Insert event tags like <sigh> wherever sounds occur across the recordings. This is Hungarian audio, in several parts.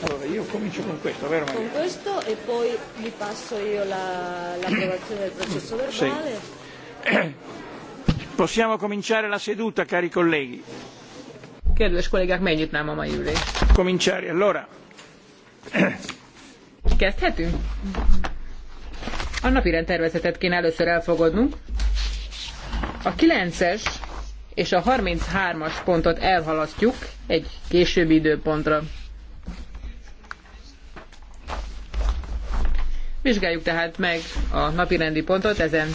Allora, io comincio con questo, vero Maria? Con questo e poi vi passo io la, l'approvazione del processo verbale. Sì. <clears throat> Possiamo cominciare la seduta, cari colleghi. Kedves kollégák, megnyitnám a mai ülést. Cominciare, allora. <clears throat> Kezdhetünk? A napirend tervezetet kéne először elfogadnunk. A 9-es és a 33-as pontot elhalasztjuk egy későbbi időpontra. Vizsgáljuk tehát meg a napirendi pontot ezen,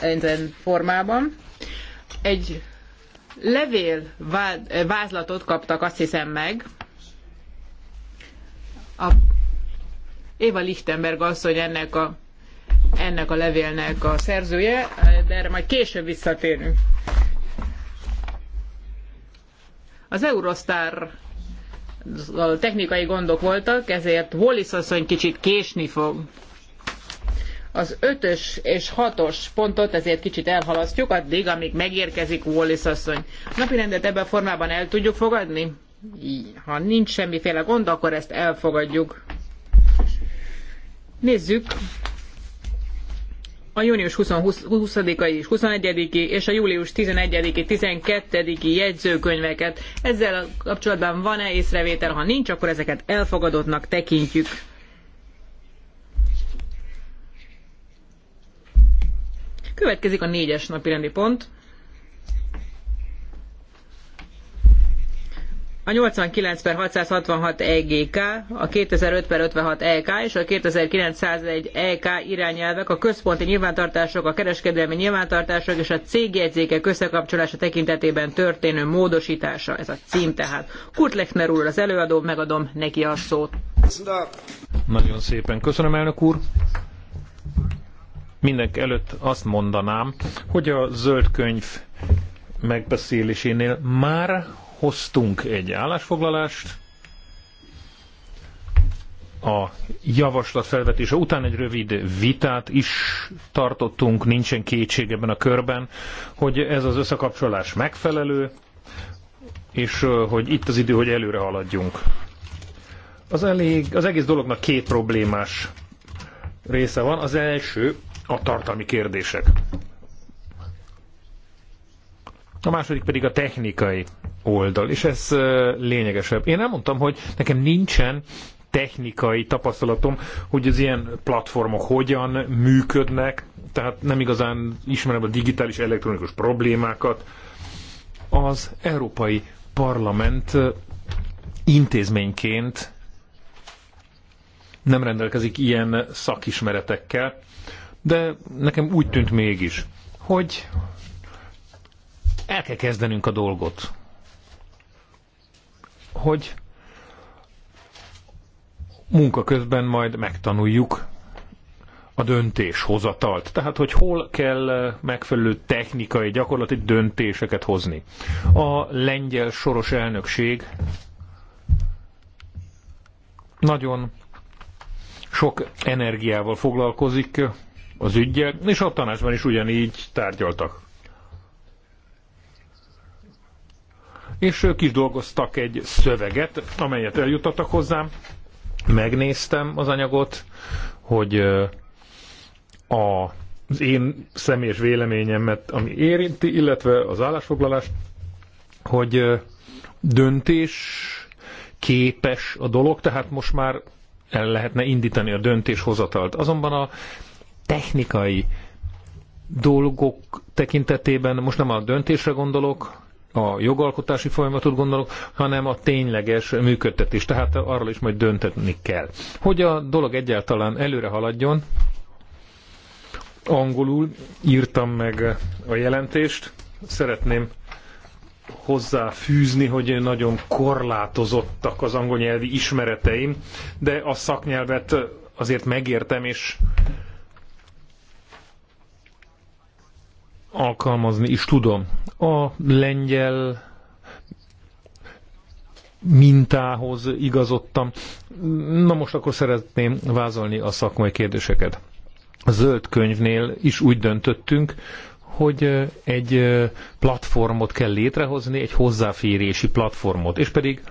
ezen formában. Egy levél vázlatot kaptak, azt hiszem meg. A Éva Lichtenberg asszony ennek a, ennek a levélnek a szerzője, de erre majd később visszatérünk. Az Eurostar technikai gondok voltak, ezért Wallis asszony kicsit késni fog. Az ötös és hatos pontot ezért kicsit elhalasztjuk, addig, amíg megérkezik Wallis asszony. Napirendet ebben a formában el tudjuk fogadni? Ha nincs semmiféle gond, akkor ezt elfogadjuk. Nézzük a június 20-ai és 21-i és a július 11-i, 12-i jegyzőkönyveket. Ezzel kapcsolatban van-e észrevétel? Ha nincs, akkor ezeket elfogadottnak tekintjük. Következik a négyes napi rendi pont. a 89 per 666 EGK, a 2005 per 56 EK és a 2901 EK irányelvek a központi nyilvántartások, a kereskedelmi nyilvántartások és a cégjegyzékek összekapcsolása tekintetében történő módosítása. Ez a cím tehát. Kurt Lechner úr az előadó, megadom neki a szót. Nagyon szépen köszönöm, elnök úr. Mindenek előtt azt mondanám, hogy a zöld könyv megbeszélésénél már hoztunk egy állásfoglalást, a javaslat felvetése után egy rövid vitát is tartottunk, nincsen kétség ebben a körben, hogy ez az összekapcsolás megfelelő, és hogy itt az idő, hogy előre haladjunk. Az, elég, az egész dolognak két problémás része van. Az első a tartalmi kérdések a második pedig a technikai oldal, és ez lényegesebb. Én elmondtam, hogy nekem nincsen technikai tapasztalatom, hogy az ilyen platformok hogyan működnek, tehát nem igazán ismerem a digitális elektronikus problémákat. Az Európai Parlament intézményként nem rendelkezik ilyen szakismeretekkel, de nekem úgy tűnt mégis, hogy el kell kezdenünk a dolgot. Hogy munka közben majd megtanuljuk a döntéshozatalt. Tehát, hogy hol kell eh, megfelelő technikai, gyakorlati döntéseket hozni. A lengyel soros elnökség nagyon sok energiával foglalkozik az ügyel, és a tanácsban is ugyanígy tárgyaltak. és ők is dolgoztak egy szöveget, amelyet eljutottak hozzám. Megnéztem az anyagot, hogy a, az én személyes véleményemet, ami érinti, illetve az állásfoglalást, hogy döntés képes a dolog, tehát most már el lehetne indítani a döntéshozatalt. Azonban a technikai dolgok tekintetében most nem a döntésre gondolok, a jogalkotási folyamatot gondolok, hanem a tényleges működtetés. Tehát arról is majd döntetni kell. Hogy a dolog egyáltalán előre haladjon, angolul írtam meg a jelentést. Szeretném hozzáfűzni, hogy nagyon korlátozottak az angol nyelvi ismereteim, de a szaknyelvet azért megértem, és alkalmazni is tudom. A lengyel mintához igazodtam. Na most akkor szeretném vázolni a szakmai kérdéseket. A zöld könyvnél is úgy döntöttünk, hogy egy platformot kell létrehozni, egy hozzáférési platformot, és pedig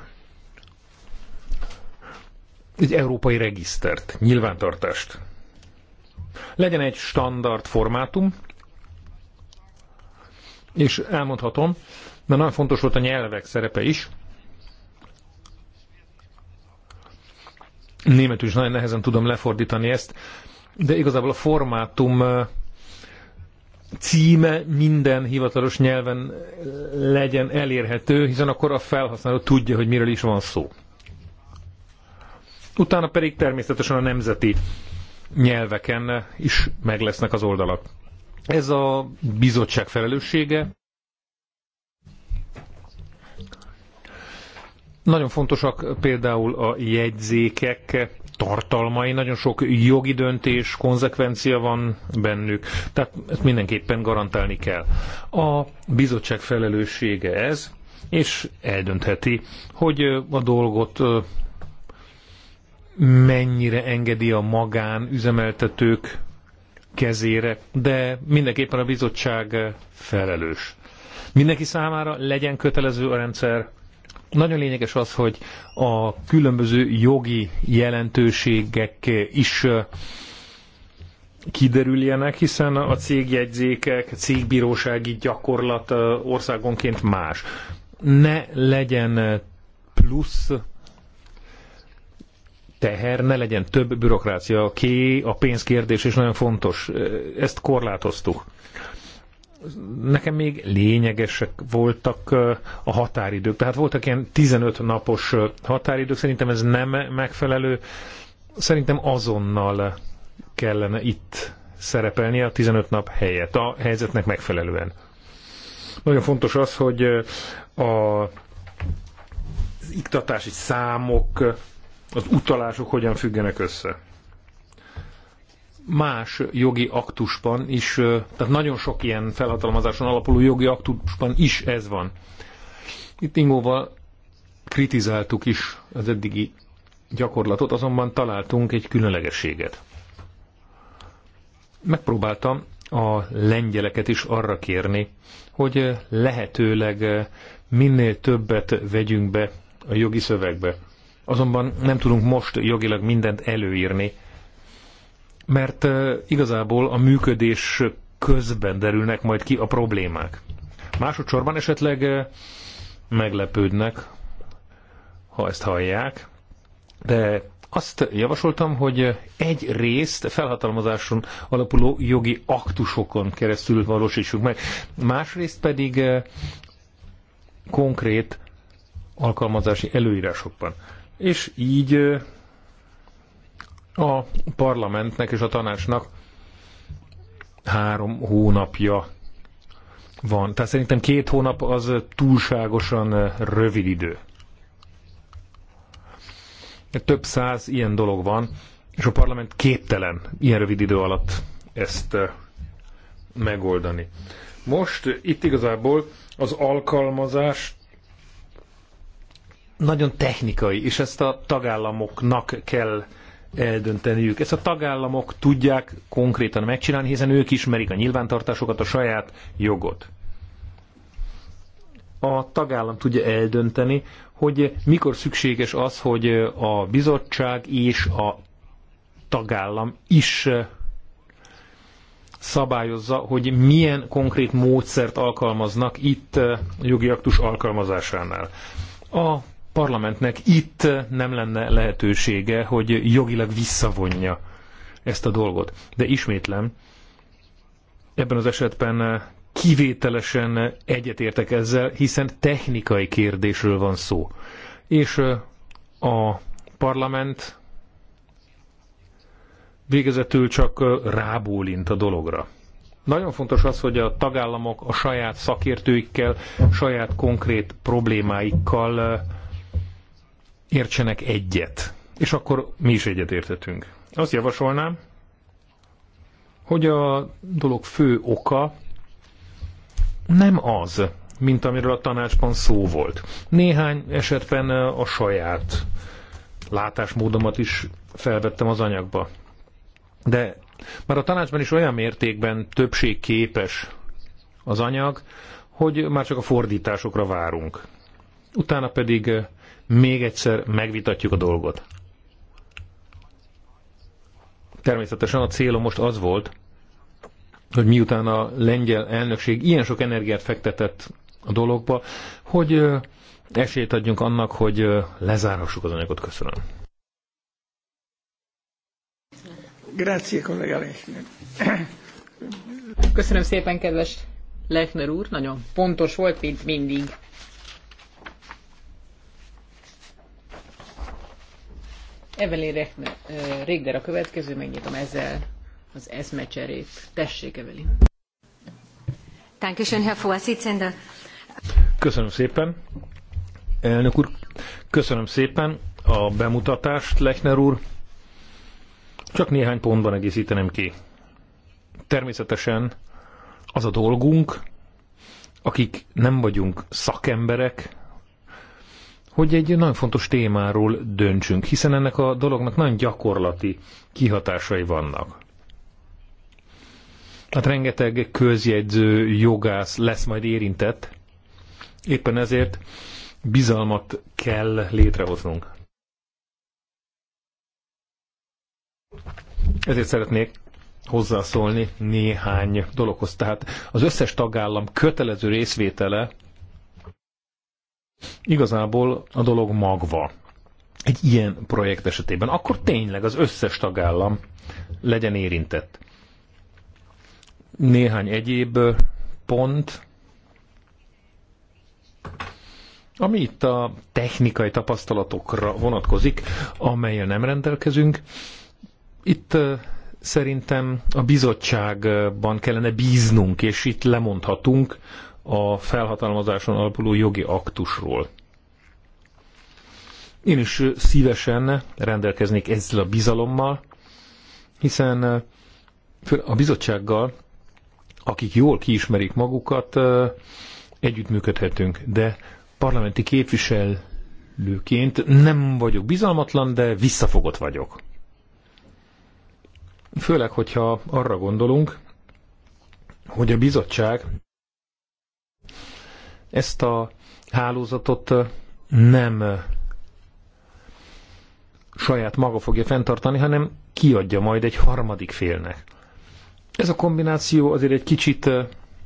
egy európai regisztert, nyilvántartást. Legyen egy standard formátum, és elmondhatom, mert nagyon fontos volt a nyelvek szerepe is. Németül is nagyon nehezen tudom lefordítani ezt, de igazából a formátum címe minden hivatalos nyelven legyen elérhető, hiszen akkor a felhasználó tudja, hogy miről is van szó. Utána pedig természetesen a nemzeti nyelveken is meg lesznek az oldalak. Ez a bizottság felelőssége. Nagyon fontosak például a jegyzékek tartalmai, nagyon sok jogi döntés, konzekvencia van bennük, tehát ezt mindenképpen garantálni kell. A bizottság felelőssége ez, és eldöntheti, hogy a dolgot mennyire engedi a magán üzemeltetők kezére, de mindenképpen a bizottság felelős. Mindenki számára legyen kötelező a rendszer. Nagyon lényeges az, hogy a különböző jogi jelentőségek is kiderüljenek, hiszen a cégjegyzékek, cégbírósági gyakorlat országonként más. Ne legyen plusz teher, ne legyen több bürokrácia, ké, a pénzkérdés is nagyon fontos. Ezt korlátoztuk. Nekem még lényegesek voltak eh, a határidők. Tehát voltak ilyen 15 napos eh, határidők, szerintem ez nem megfelelő. Szerintem azonnal kellene itt szerepelni a 15 nap helyett, a helyzetnek megfelelően. Nagyon fontos az, hogy eh, a iktatási számok az utalások hogyan függenek össze. Más jogi aktusban is, tehát nagyon sok ilyen felhatalmazáson alapuló jogi aktusban is ez van. Itt Ingóval kritizáltuk is az eddigi gyakorlatot, azonban találtunk egy különlegességet. Megpróbáltam a lengyeleket is arra kérni, hogy lehetőleg minél többet vegyünk be a jogi szövegbe. Azonban nem tudunk most jogilag mindent előírni, mert igazából a működés közben derülnek majd ki a problémák. Másodszorban esetleg meglepődnek, ha ezt hallják, de azt javasoltam, hogy egy részt felhatalmazáson alapuló jogi aktusokon keresztül valósítsuk meg, másrészt pedig konkrét alkalmazási előírásokban. És így a parlamentnek és a tanácsnak három hónapja van. Tehát szerintem két hónap az túlságosan rövid idő. Több száz ilyen dolog van, és a parlament képtelen ilyen rövid idő alatt ezt megoldani. Most itt igazából az alkalmazás nagyon technikai, és ezt a tagállamoknak kell eldönteniük. Ezt a tagállamok tudják konkrétan megcsinálni, hiszen ők ismerik a nyilvántartásokat, a saját jogot. A tagállam tudja eldönteni, hogy mikor szükséges az, hogy a bizottság és a tagállam is szabályozza, hogy milyen konkrét módszert alkalmaznak itt jogi aktus alkalmazásánál. A parlamentnek itt nem lenne lehetősége, hogy jogilag visszavonja ezt a dolgot. De ismétlem, ebben az esetben kivételesen egyetértek ezzel, hiszen technikai kérdésről van szó. És a parlament végezetül csak rábólint a dologra. Nagyon fontos az, hogy a tagállamok a saját szakértőikkel, saját konkrét problémáikkal értsenek egyet. És akkor mi is egyet értetünk. Azt javasolnám, hogy a dolog fő oka nem az, mint amiről a tanácsban szó volt. Néhány esetben a saját látásmódomat is felvettem az anyagba. De már a tanácsban is olyan mértékben többségképes az anyag, hogy már csak a fordításokra várunk. Utána pedig még egyszer megvitatjuk a dolgot. Természetesen a célom most az volt, hogy miután a lengyel elnökség ilyen sok energiát fektetett a dologba, hogy esélyt adjunk annak, hogy lezárhassuk az anyagot. Köszönöm. Köszönöm szépen, kedves Lechner úr, nagyon pontos volt, mint mindig. Evelyn Régder a következő, megnyitom ezzel az eszmecserét. Tessék, Evelyn. Köszönöm szépen. Elnök úr, köszönöm szépen a bemutatást, Lechner úr. Csak néhány pontban egészítenem ki. Természetesen az a dolgunk, akik nem vagyunk szakemberek, hogy egy nagyon fontos témáról döntsünk, hiszen ennek a dolognak nagyon gyakorlati kihatásai vannak. Hát rengeteg közjegyző, jogász lesz majd érintett, éppen ezért bizalmat kell létrehoznunk. Ezért szeretnék hozzászólni néhány dologhoz. Tehát az összes tagállam kötelező részvétele Igazából a dolog magva egy ilyen projekt esetében, akkor tényleg az összes tagállam legyen érintett. Néhány egyéb pont, ami itt a technikai tapasztalatokra vonatkozik, amelyel nem rendelkezünk. Itt szerintem a bizottságban kellene bíznunk, és itt lemondhatunk a felhatalmazáson alapuló jogi aktusról. Én is szívesen rendelkeznék ezzel a bizalommal, hiszen a bizottsággal, akik jól kiismerik magukat, együttműködhetünk, de parlamenti képviselőként nem vagyok bizalmatlan, de visszafogott vagyok. Főleg, hogyha arra gondolunk, hogy a bizottság ezt a hálózatot nem saját maga fogja fenntartani, hanem kiadja majd egy harmadik félnek. Ez a kombináció azért egy kicsit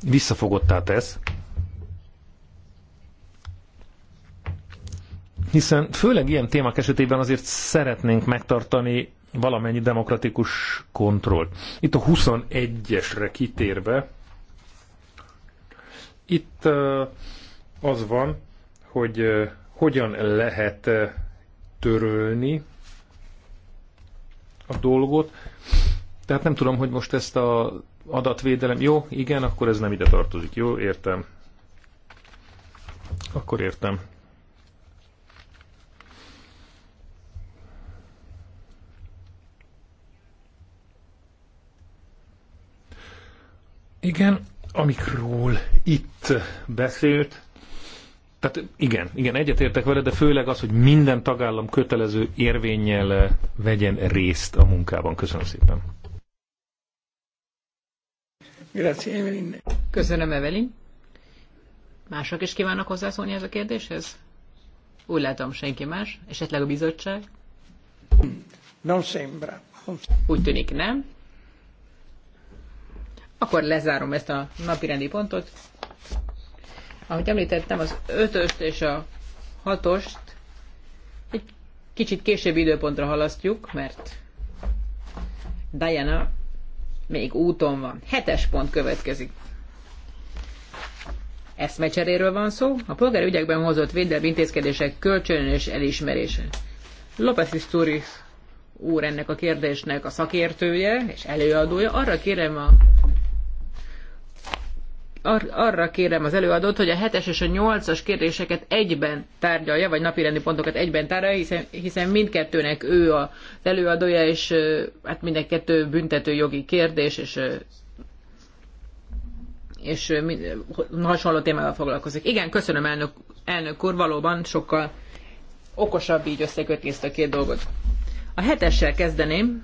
visszafogottá tesz, hiszen főleg ilyen témák esetében azért szeretnénk megtartani valamennyi demokratikus kontroll. Itt a 21-esre kitérve itt az van, hogy hogyan lehet törölni a dolgot. Tehát nem tudom, hogy most ezt a adatvédelem... Jó, igen, akkor ez nem ide tartozik. Jó, értem. Akkor értem. Igen, amikről itt beszélt, tehát igen, igen, egyetértek vele, de főleg az, hogy minden tagállam kötelező érvényel vegyen részt a munkában. Köszönöm szépen. Grazie, Köszönöm, Evelin. Mások is kívánnak hozzászólni ez a kérdéshez? Úgy látom, senki más. Esetleg a bizottság? Non sembra. Úgy tűnik nem. Akkor lezárom ezt a napirendi pontot. Ahogy említettem, az ötöst és a hatost egy kicsit később időpontra halasztjuk, mert Diana még úton van. Hetes pont következik. Eszmecseréről van szó, a polgári ügyekben hozott védelmi intézkedések kölcsönös elismerése. López Isturiz úr ennek a kérdésnek a szakértője és előadója. Arra kérem a ar- arra kérem az előadót, hogy a 7-es és a 8-as kérdéseket egyben tárgyalja, vagy napirendi pontokat egyben tárgyalja, hiszen, hiszen mindkettőnek ő az előadója, és hát mind kettő büntető jogi kérdés, és és hasonló témával foglalkozik. Igen, köszönöm elnök, elnök úr, valóban sokkal okosabb így összekötni ezt a két dolgot. A hetessel kezdeném.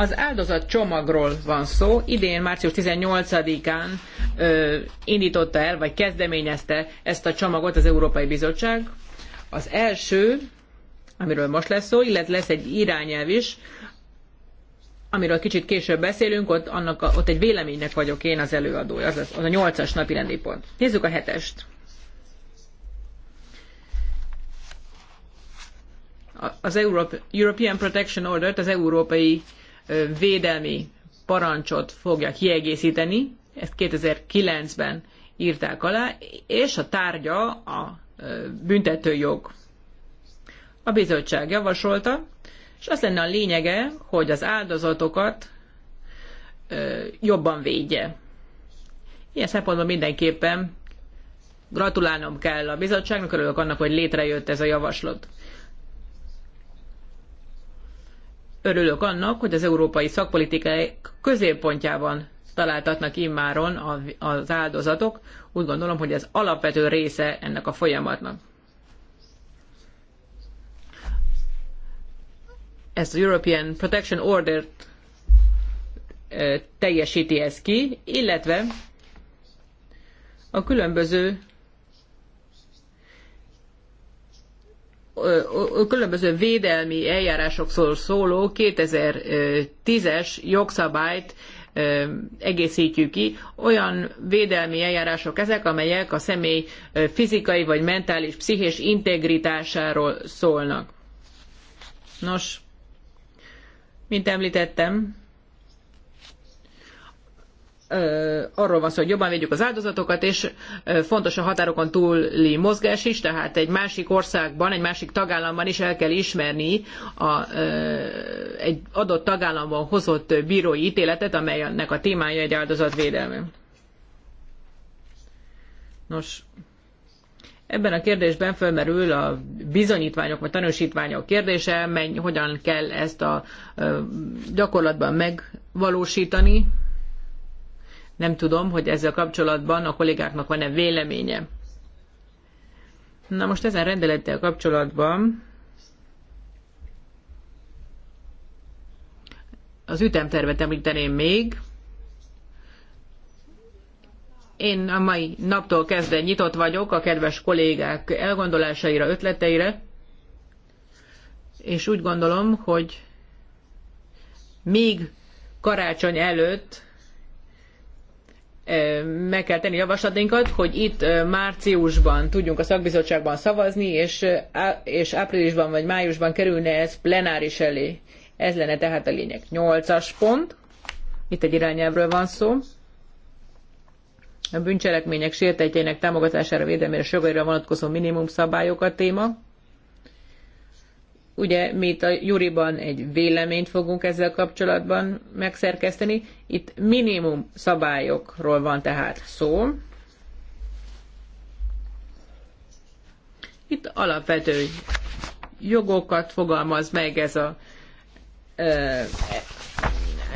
Az áldozat csomagról van szó. Idén március 18-án ö, indította el, vagy kezdeményezte ezt a csomagot az Európai Bizottság. Az első, amiről most lesz szó, illetve lesz egy irányelv is, amiről kicsit később beszélünk, ott, annak a, ott egy véleménynek vagyok én az előadója, az, az, az a nyolcas napi rendi pont. Nézzük a hetest. Az Europe, European Protection Order-t, az Európai védelmi parancsot fogja kiegészíteni, ezt 2009-ben írták alá, és a tárgya a büntetőjog. A bizottság javasolta, és az lenne a lényege, hogy az áldozatokat jobban védje. Ilyen szempontból mindenképpen gratulálnom kell a bizottságnak, örülök annak, hogy létrejött ez a javaslat. Örülök annak, hogy az európai szakpolitikai középpontjában találtatnak immáron az áldozatok. Úgy gondolom, hogy ez alapvető része ennek a folyamatnak. Ezt az European Protection Order-t teljesíti ez ki, illetve a különböző különböző védelmi eljárásokról szóló 2010-es jogszabályt egészítjük ki. Olyan védelmi eljárások ezek, amelyek a személy fizikai vagy mentális, pszichés integritásáról szólnak. Nos, mint említettem, arról van szó, hogy jobban védjük az áldozatokat, és fontos a határokon túli mozgás is, tehát egy másik országban, egy másik tagállamban is el kell ismerni a, egy adott tagállamban hozott bírói ítéletet, amelynek a témája egy áldozatvédelme. Nos, ebben a kérdésben fölmerül a bizonyítványok vagy tanúsítványok kérdése, menj, hogyan kell ezt a gyakorlatban megvalósítani, nem tudom, hogy ezzel kapcsolatban a kollégáknak van-e véleménye. Na most ezen rendelettel kapcsolatban az ütemtervet említeném még. Én a mai naptól kezdve nyitott vagyok a kedves kollégák elgondolásaira, ötleteire, és úgy gondolom, hogy még karácsony előtt meg kell tenni javaslatinkat, hogy itt márciusban tudjunk a szakbizottságban szavazni, és, és áprilisban vagy májusban kerülne ez plenáris elé. Ez lenne tehát a lényeg. Nyolcas pont. Itt egy irányelvről van szó. A bűncselekmények sértetjeinek támogatására, védelmére és jogaira vonatkozó minimum szabályok a téma. Ugye mi itt a Juriban egy véleményt fogunk ezzel kapcsolatban megszerkeszteni. Itt minimum szabályokról van tehát szó. Itt alapvető jogokat fogalmaz meg ez a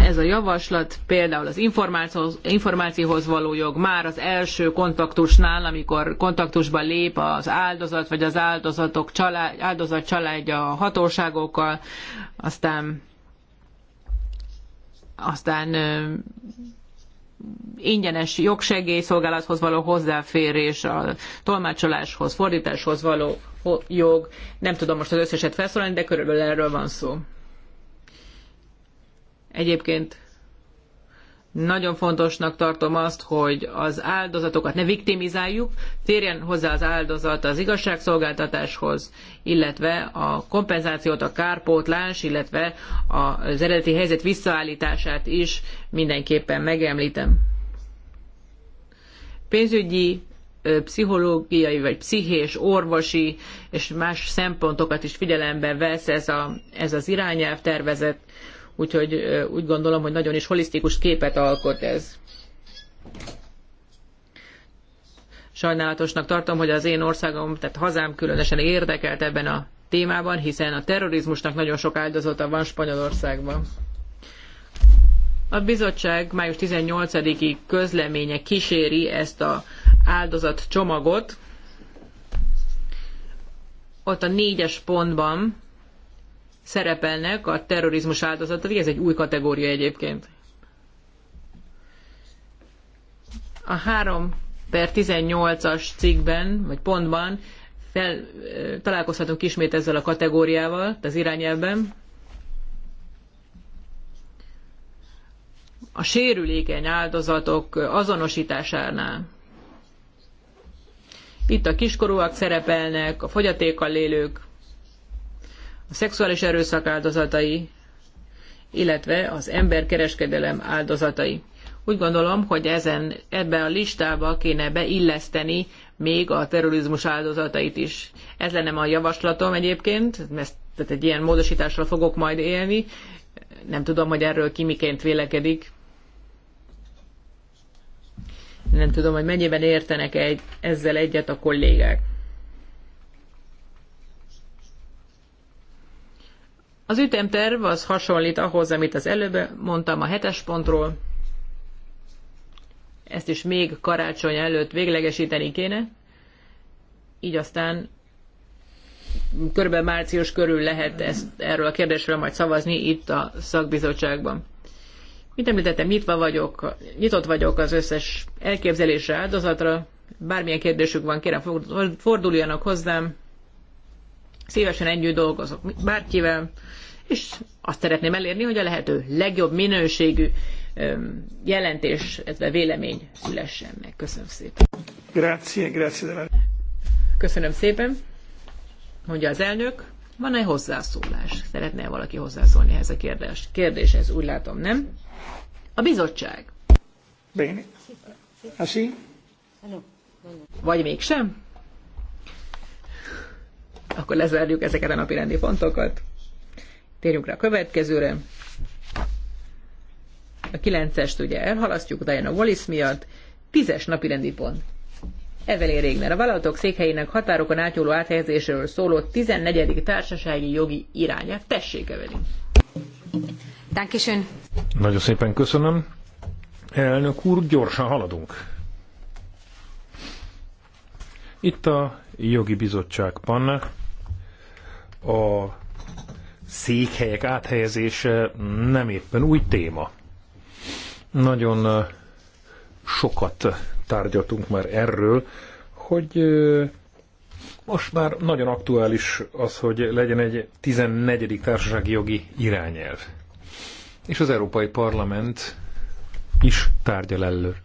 ez a javaslat, például az információhoz, való jog már az első kontaktusnál, amikor kontaktusba lép az áldozat vagy az áldozatok család, áldozat családja a hatóságokkal, aztán aztán ingyenes jogsegélyszolgálathoz való hozzáférés, a tolmácsoláshoz, fordításhoz való jog. Nem tudom most az összeset felszólalni, de körülbelül erről van szó. Egyébként nagyon fontosnak tartom azt, hogy az áldozatokat ne viktimizáljuk, térjen hozzá az áldozat az igazságszolgáltatáshoz, illetve a kompenzációt, a kárpótlás, illetve az eredeti helyzet visszaállítását is mindenképpen megemlítem. Pénzügyi, pszichológiai vagy pszichés, orvosi és más szempontokat is figyelembe vesz ez, a, ez az irányelv tervezet úgyhogy úgy gondolom, hogy nagyon is holisztikus képet alkot ez. Sajnálatosnak tartom, hogy az én országom, tehát hazám különösen érdekelt ebben a témában, hiszen a terrorizmusnak nagyon sok áldozata van Spanyolországban. A bizottság május 18-i közleménye kíséri ezt a áldozat csomagot. Ott a négyes pontban szerepelnek a terrorizmus áldozatai, ez egy új kategória egyébként. A 3 per 18-as cikkben, vagy pontban fel, találkozhatunk ismét ezzel a kategóriával, az irányelben. A sérülékeny áldozatok azonosításánál. Itt a kiskorúak szerepelnek, a fogyatékkal élők, a szexuális erőszak áldozatai, illetve az emberkereskedelem áldozatai. Úgy gondolom, hogy ezen, ebbe a listába kéne beilleszteni még a terrorizmus áldozatait is. Ez lenne a javaslatom egyébként, mert tehát egy ilyen módosításra fogok majd élni. Nem tudom, hogy erről ki miként vélekedik. Nem tudom, hogy mennyiben értenek egy, ezzel egyet a kollégák. Az ütemterv az hasonlít ahhoz, amit az előbb mondtam a hetes pontról. Ezt is még karácsony előtt véglegesíteni kéne. Így aztán körülbelül március körül lehet ezt, erről a kérdésről majd szavazni itt a szakbizottságban. Mint említettem, nyitva vagyok, nyitott vagyok az összes elképzelésre, áldozatra. Bármilyen kérdésük van, kérem forduljanak hozzám. Szívesen együtt dolgozok bárkivel, és azt szeretném elérni, hogy a lehető legjobb minőségű jelentés, illetve vélemény szülessen meg. Köszönöm szépen. Grazie, grazie. Köszönöm szépen, mondja az elnök. Van-e hozzászólás? Szeretne -e valaki hozzászólni ehhez a kérdés? kérdéshez? Úgy látom, nem? A bizottság. Bene. Asi? Ah, ah, Vagy mégsem? Akkor lezárjuk ezeket a napi rendi pontokat. Térjünk rá a következőre. A kilencest ugye elhalasztjuk Diana Wallis miatt. tízes napi rendi pont. Evelyn Régner, a vállalatok székhelyének határokon átnyúló áthelyezéséről szóló 14. társasági jogi irányát. Tessék, Evelyn! Dankeschön. Nagyon szépen köszönöm. Elnök úr, gyorsan haladunk. Itt a jogi bizottság panna a székhelyek áthelyezése nem éppen új téma. Nagyon sokat tárgyaltunk már erről, hogy most már nagyon aktuális az, hogy legyen egy 14. társasági jogi irányelv. És az Európai Parlament is tárgyal elő.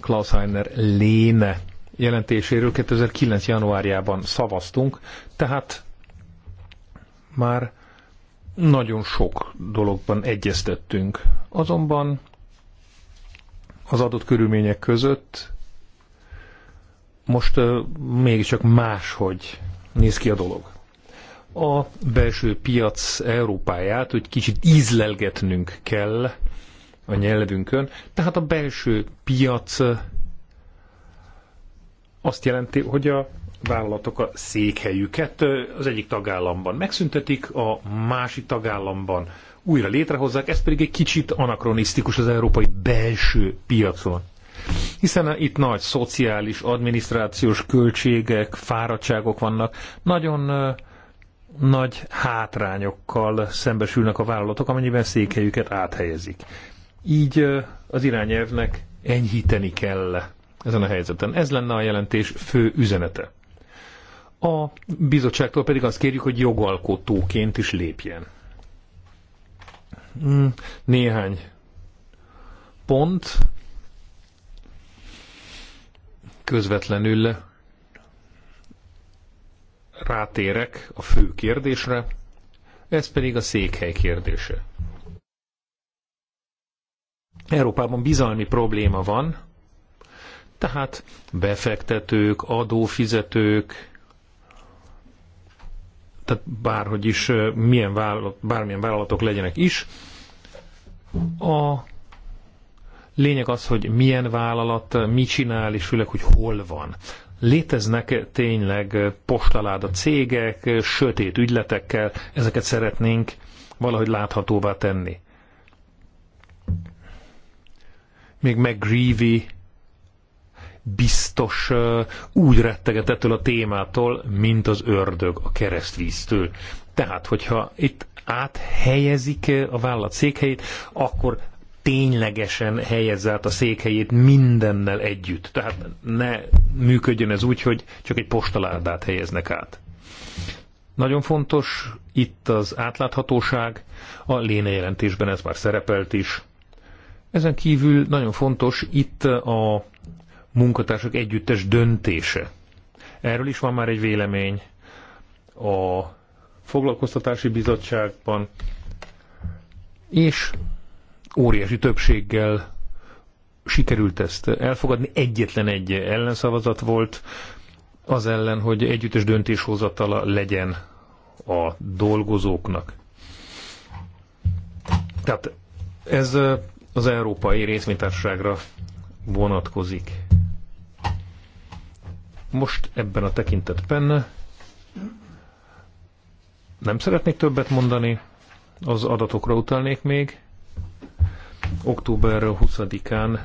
Klaus Heiner Léne jelentéséről 2009. januárjában szavaztunk, tehát már nagyon sok dologban egyeztettünk. Azonban az adott körülmények között most uh, mégiscsak máshogy néz ki a dolog. A belső piac Európáját, hogy kicsit ízlelgetnünk kell a nyelvünkön, tehát a belső piac azt jelenti, hogy a vállalatok a székhelyüket az egyik tagállamban megszüntetik, a másik tagállamban újra létrehozzák, ez pedig egy kicsit anakronisztikus az európai belső piacon. Hiszen eh, itt nagy szociális, adminisztrációs költségek, fáradtságok vannak, nagyon nagy hátrányokkal szembesülnek a vállalatok, amennyiben székhelyüket áthelyezik. Így az irányelvnek enyhíteni kell ezen a helyzeten. Ez lenne a jelentés fő üzenete. A bizottságtól pedig azt kérjük, hogy jogalkotóként is lépjen. Hmm, néhány pont közvetlenül rátérek a fő kérdésre, ez pedig a székhely kérdése. Európában bizalmi probléma van, tehát befektetők, adófizetők, tehát bárhogy is milyen vállalat, bármilyen vállalatok legyenek is. A lényeg az, hogy milyen vállalat, mi csinál, és főleg, hogy hol van. Léteznek tényleg postaláda cégek, sötét ügyletekkel, ezeket szeretnénk valahogy láthatóvá tenni. Még McGreevy biztos úgy retteget ettől a témától, mint az ördög a keresztvíztől. Tehát, hogyha itt áthelyezik a vállalat székhelyét, akkor ténylegesen helyezze át a székhelyét mindennel együtt. Tehát ne működjön ez úgy, hogy csak egy postaládát helyeznek át. Nagyon fontos itt az átláthatóság, a léne jelentésben ez már szerepelt is. Ezen kívül nagyon fontos itt a munkatársak együttes döntése. Erről is van már egy vélemény a foglalkoztatási bizottságban, és óriási többséggel sikerült ezt elfogadni. Egyetlen egy ellenszavazat volt az ellen, hogy együttes döntéshozatala legyen a dolgozóknak. Tehát ez az európai részvénytársaságra vonatkozik. Most ebben a tekintetben nem szeretnék többet mondani, az adatokra utalnék még. Október 20-án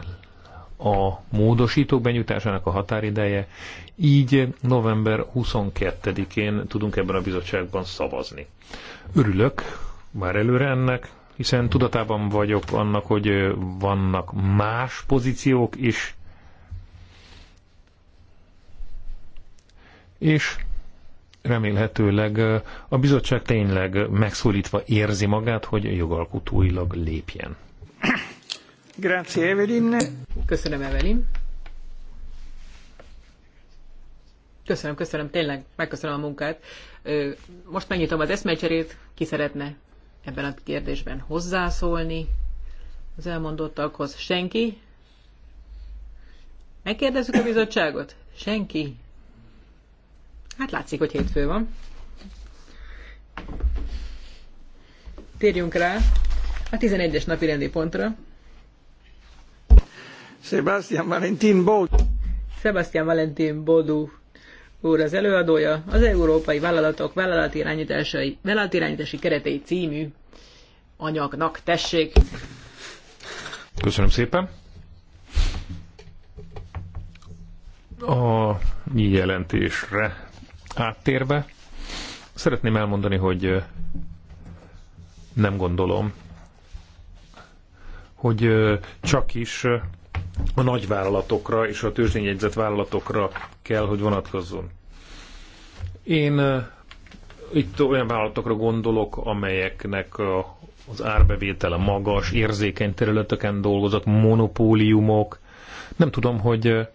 a módosítók benyújtásának a határideje, így november 22-én tudunk ebben a bizottságban szavazni. Örülök már előre ennek, hiszen tudatában vagyok annak, hogy vannak más pozíciók is, és remélhetőleg a bizottság tényleg megszólítva érzi magát, hogy jogalkotóilag lépjen. Grazie, Evelyn. Köszönöm, Evelin. Köszönöm, köszönöm, tényleg megköszönöm a munkát. Most megnyitom az eszmecserét, ki szeretne ebben a kérdésben hozzászólni az elmondottakhoz? Senki? Megkérdezzük a bizottságot? Senki? Hát látszik, hogy hétfő van. Térjünk rá a 11-es napi rendi pontra. Sebastian Valentin Bodu. Sebastian Valentin Bodu úr az előadója, az Európai Vállalatok Vállalatirányításai, Vállalatirányítási Keretei című anyagnak. Tessék! Köszönöm szépen! A jelentésre áttérve. Szeretném elmondani, hogy nem gondolom, hogy csak is a nagyvállalatokra és a tőzsdényegyzett vállalatokra kell, hogy vonatkozzon. Én itt olyan vállalatokra gondolok, amelyeknek az árbevétele magas, érzékeny területeken dolgozott, monopóliumok. Nem tudom, hogy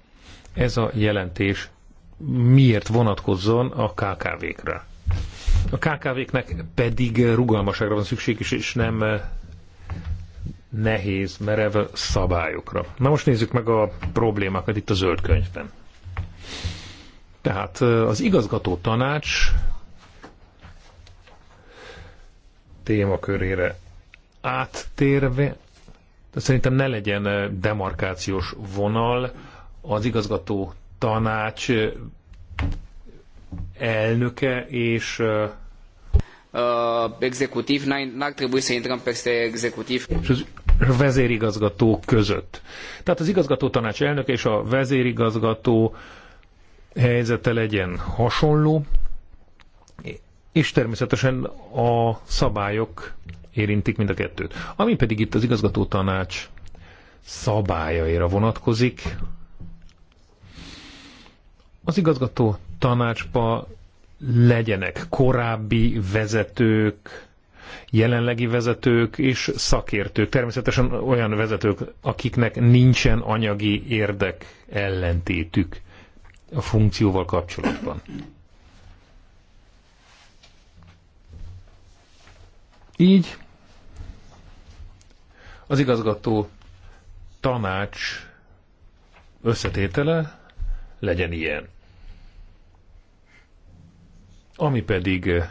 ez a jelentés miért vonatkozzon a KKV-kra. A KKV-knek pedig rugalmaságra van szükség, és nem eh, nehéz, merev szabályokra. Na most nézzük meg a problémákat itt a zöld könyvben. Tehát eh, az igazgató tanács témakörére áttérve, szerintem ne legyen eh, demarkációs vonal az igazgató tanács elnöke és uh, executiv, n-ar trebui să intrăm peste executive. És az vezérigazgató között. Tehát az igazgató tanács elnöke és a vezérigazgató helyzete legyen hasonló, és természetesen a szabályok érintik mind a kettőt. Ami pedig itt az igazgató tanács szabályaira vonatkozik, az igazgató tanácsba legyenek korábbi vezetők, jelenlegi vezetők és szakértők. Természetesen olyan vezetők, akiknek nincsen anyagi érdek ellentétük a funkcióval kapcsolatban. Így az igazgató tanács összetétele legyen ilyen. Ami pedig eh,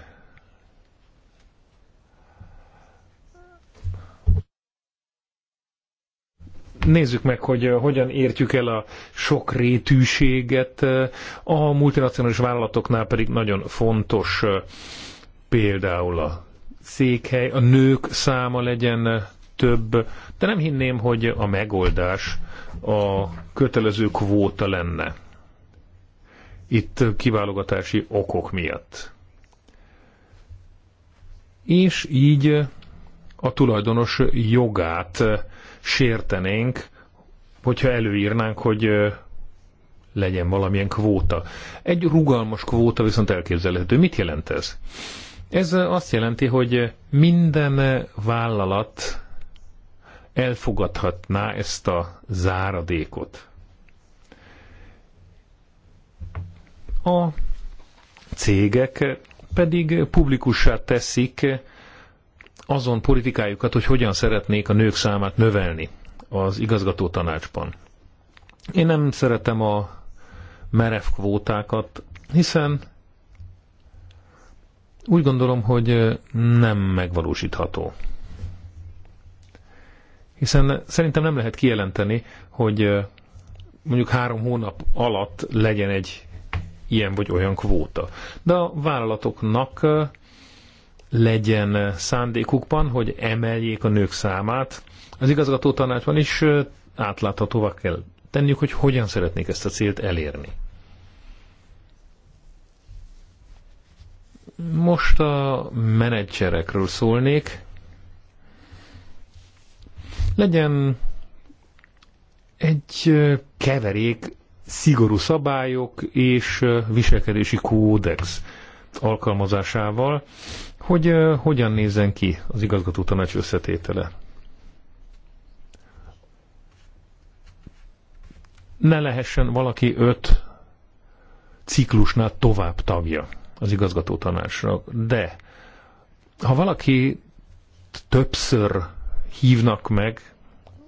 nézzük meg, hogy eh, hogyan értjük el a rétűséget. Eh, a multinacionális vállalatoknál pedig nagyon fontos például a székhely, a nők száma legyen több, de nem hinném, hogy a megoldás a kötelező kvóta lenne itt kiválogatási okok miatt. És így a tulajdonos jogát sértenénk, hogyha előírnánk, hogy legyen valamilyen kvóta. Egy rugalmas kvóta viszont elképzelhető. Mit jelent ez? Ez azt jelenti, hogy minden vállalat elfogadhatná ezt a záradékot. A cégek pedig publikussá teszik azon politikájukat, hogy hogyan szeretnék a nők számát növelni az igazgató tanácsban. Én nem szeretem a merev kvótákat, hiszen úgy gondolom, hogy nem megvalósítható. Hiszen szerintem nem lehet kijelenteni, hogy eh, mondjuk három hónap alatt legyen egy ilyen vagy olyan kvóta. De a vállalatoknak legyen szándékukban, hogy emeljék a nők számát. Az igazgató tanácsban is átláthatóvá kell tenniük, hogy hogyan szeretnék ezt a célt elérni. Most a menedzserekről szólnék. Legyen egy keverék szigorú szabályok és viselkedési kódex alkalmazásával, hogy hogyan nézzen ki az igazgató tanács összetétele. Ne lehessen valaki öt ciklusnál tovább tagja az igazgató tanácsnak, de ha valaki többször hívnak meg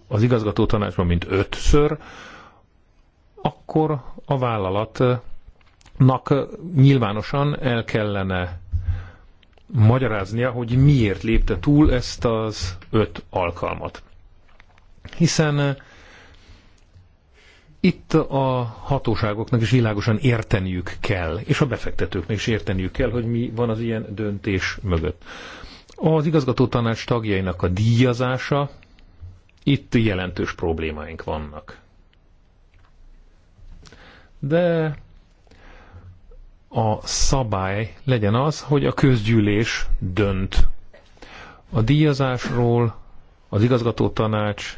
az igazgató tanácsban, mint ötször, akkor a vállalatnak nyilvánosan el kellene magyaráznia, hogy miért lépte túl ezt az öt alkalmat. Hiszen itt a hatóságoknak is világosan érteniük kell, és a befektetőknek is érteniük kell, hogy mi van az ilyen döntés mögött. Az igazgató tanács tagjainak a díjazása, itt jelentős problémáink vannak de a szabály legyen az, hogy a közgyűlés dönt. A díjazásról az igazgató tanács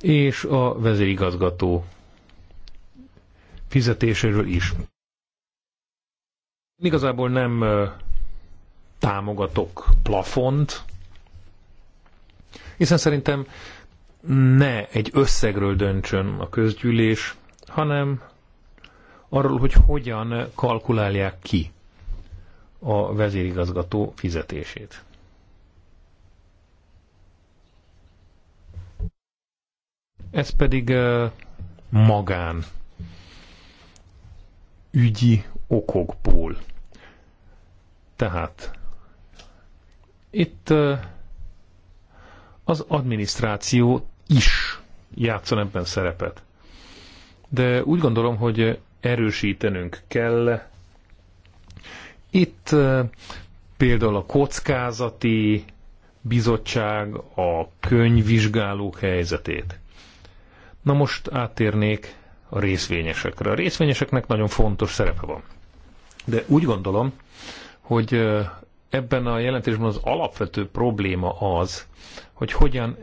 és a vezérigazgató fizetéséről is. Igazából nem támogatok plafont, hiszen szerintem ne egy összegről döntsön a közgyűlés, hanem arról, hogy hogyan kalkulálják ki a vezérigazgató fizetését. Ez pedig magán ügyi okokból. Tehát itt az adminisztráció is játszon ebben szerepet de úgy gondolom, hogy erősítenünk kell. Itt eh, például a kockázati bizottság, a könyvvizsgálók helyzetét. Na most áttérnék a részvényesekre. A részvényeseknek nagyon fontos szerepe van. De úgy gondolom, hogy eh, ebben a jelentésben az alapvető probléma az, hogy hogyan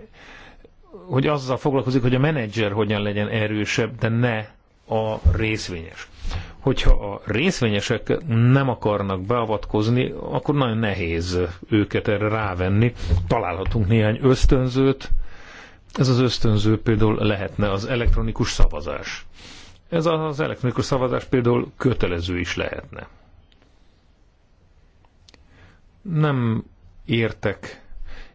hogy azzal foglalkozik, hogy a menedzser hogyan legyen erősebb, de ne a részvényes. Hogyha a részvényesek nem akarnak beavatkozni, akkor nagyon nehéz őket erre rávenni. Találhatunk néhány ösztönzőt. Ez az ösztönző például lehetne az elektronikus szavazás. Ez az elektronikus szavazás például kötelező is lehetne. Nem értek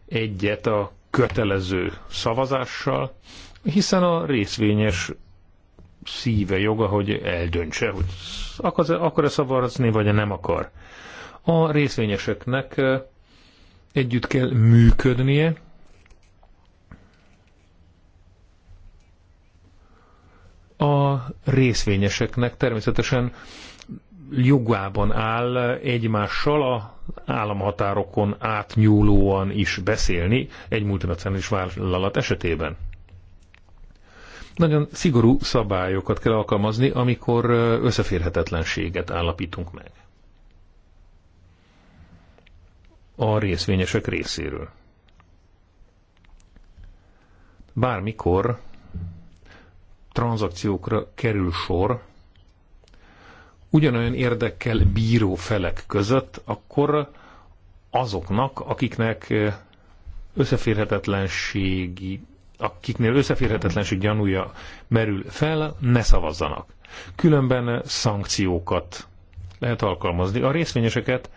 egyet a kötelező szavazással, hiszen a részvényes szíve joga, hogy eldöntse, hogy akar-e szavazni, vagy nem akar. A részvényeseknek együtt kell működnie, a részvényeseknek természetesen jogában áll egymással a államhatárokon átnyúlóan is beszélni egy multinacionális vállalat esetében. Nagyon szigorú szabályokat kell alkalmazni, amikor összeférhetetlenséget állapítunk meg. A részvényesek részéről. Bármikor tranzakciókra kerül sor, ugyanolyan érdekkel bíró felek között, akkor azoknak, akiknek összeférhetetlenségi, akiknél összeférhetetlenség gyanúja merül fel, ne szavazzanak. Különben szankciókat lehet alkalmazni. A részvényeseket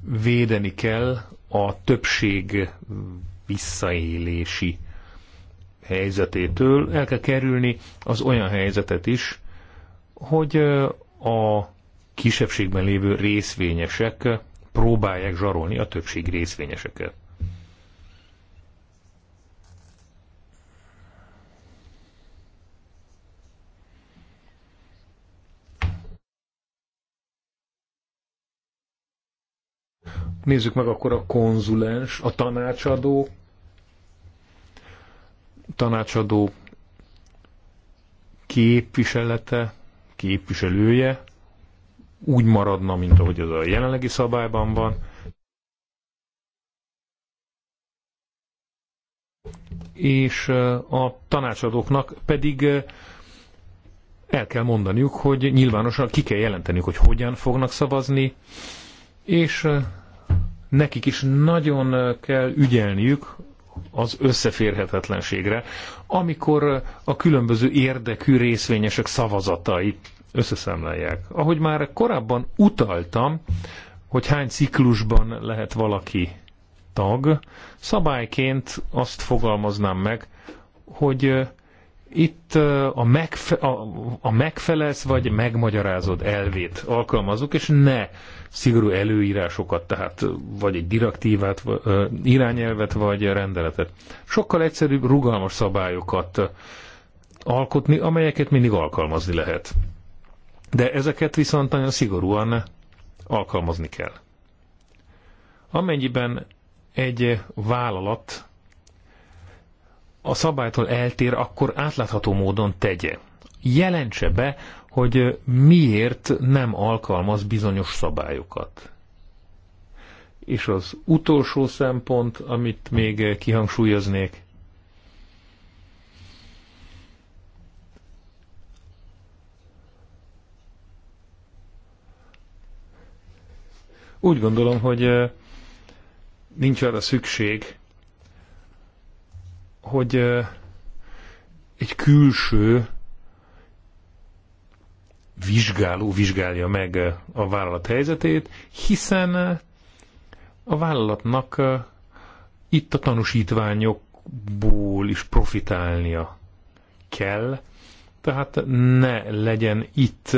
védeni kell a többség visszaélési helyzetétől. El kell kerülni az olyan helyzetet is, hogy a kisebbségben lévő részvényesek próbálják zsarolni a többség részvényeseket. Nézzük meg akkor a konzulens, a tanácsadó, tanácsadó képviselete, képviselője úgy maradna, mint ahogy az a jelenlegi szabályban van. És eh, a tanácsadóknak pedig eh, el kell mondaniuk, hogy nyilvánosan ki kell jelenteniük, hogy hogyan fognak szavazni, és eh, nekik is nagyon kell ügyelniük az összeférhetetlenségre, amikor a különböző érdekű részvényesek szavazatai összeszemlelják. Ahogy már korábban utaltam, hogy hány ciklusban lehet valaki tag, szabályként azt fogalmaznám meg, hogy itt a, megfe- a, a megfelelsz vagy megmagyarázod elvét alkalmazok, és ne szigorú előírásokat, tehát vagy egy direktívát, vagy, irányelvet, vagy rendeletet. Sokkal egyszerűbb rugalmas szabályokat alkotni, amelyeket mindig alkalmazni lehet. De ezeket viszont nagyon szigorúan alkalmazni kell. Amennyiben egy vállalat a szabálytól eltér, akkor átlátható módon tegye. Jelentse be, hogy miért nem alkalmaz bizonyos szabályokat. És az utolsó szempont, amit még kihangsúlyoznék, úgy gondolom, hogy nincs arra szükség, hogy egy külső vizsgáló vizsgálja meg a vállalat helyzetét, hiszen a vállalatnak itt a tanúsítványokból is profitálnia kell, tehát ne legyen itt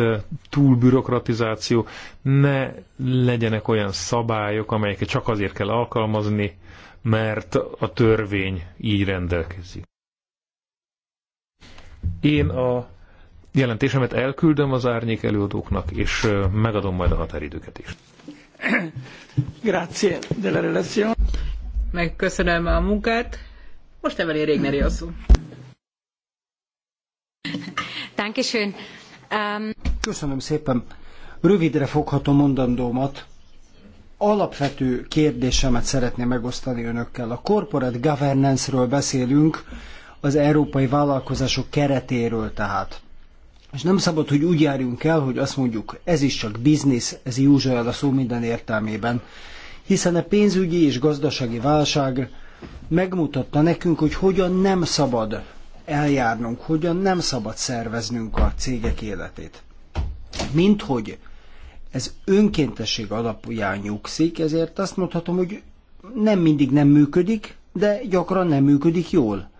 túl bürokratizáció, ne legyenek olyan szabályok, amelyeket csak azért kell alkalmazni, mert a törvény így rendelkezik. Én a jelentésemet elküldöm az árnyék előadóknak, és megadom majd a határidőket is. <coughs> Grazie della relazione. Megköszönöm a munkát. Most Evelyn Régneri a szó. Um, Köszönöm szépen. Rövidre foghatom mondandómat alapvető kérdésemet szeretném megosztani önökkel. A corporate governance-ről beszélünk, az európai vállalkozások keretéről tehát. És nem szabad, hogy úgy járjunk el, hogy azt mondjuk, ez is csak business, ez usual a szó minden értelmében. Hiszen a pénzügyi és gazdasági válság megmutatta nekünk, hogy hogyan nem szabad eljárnunk, hogyan nem szabad szerveznünk a cégek életét. Mint hogy ez önkéntesség alapján nyugszik, ezért azt mondhatom, hogy nem mindig nem működik, de gyakran nem működik jól.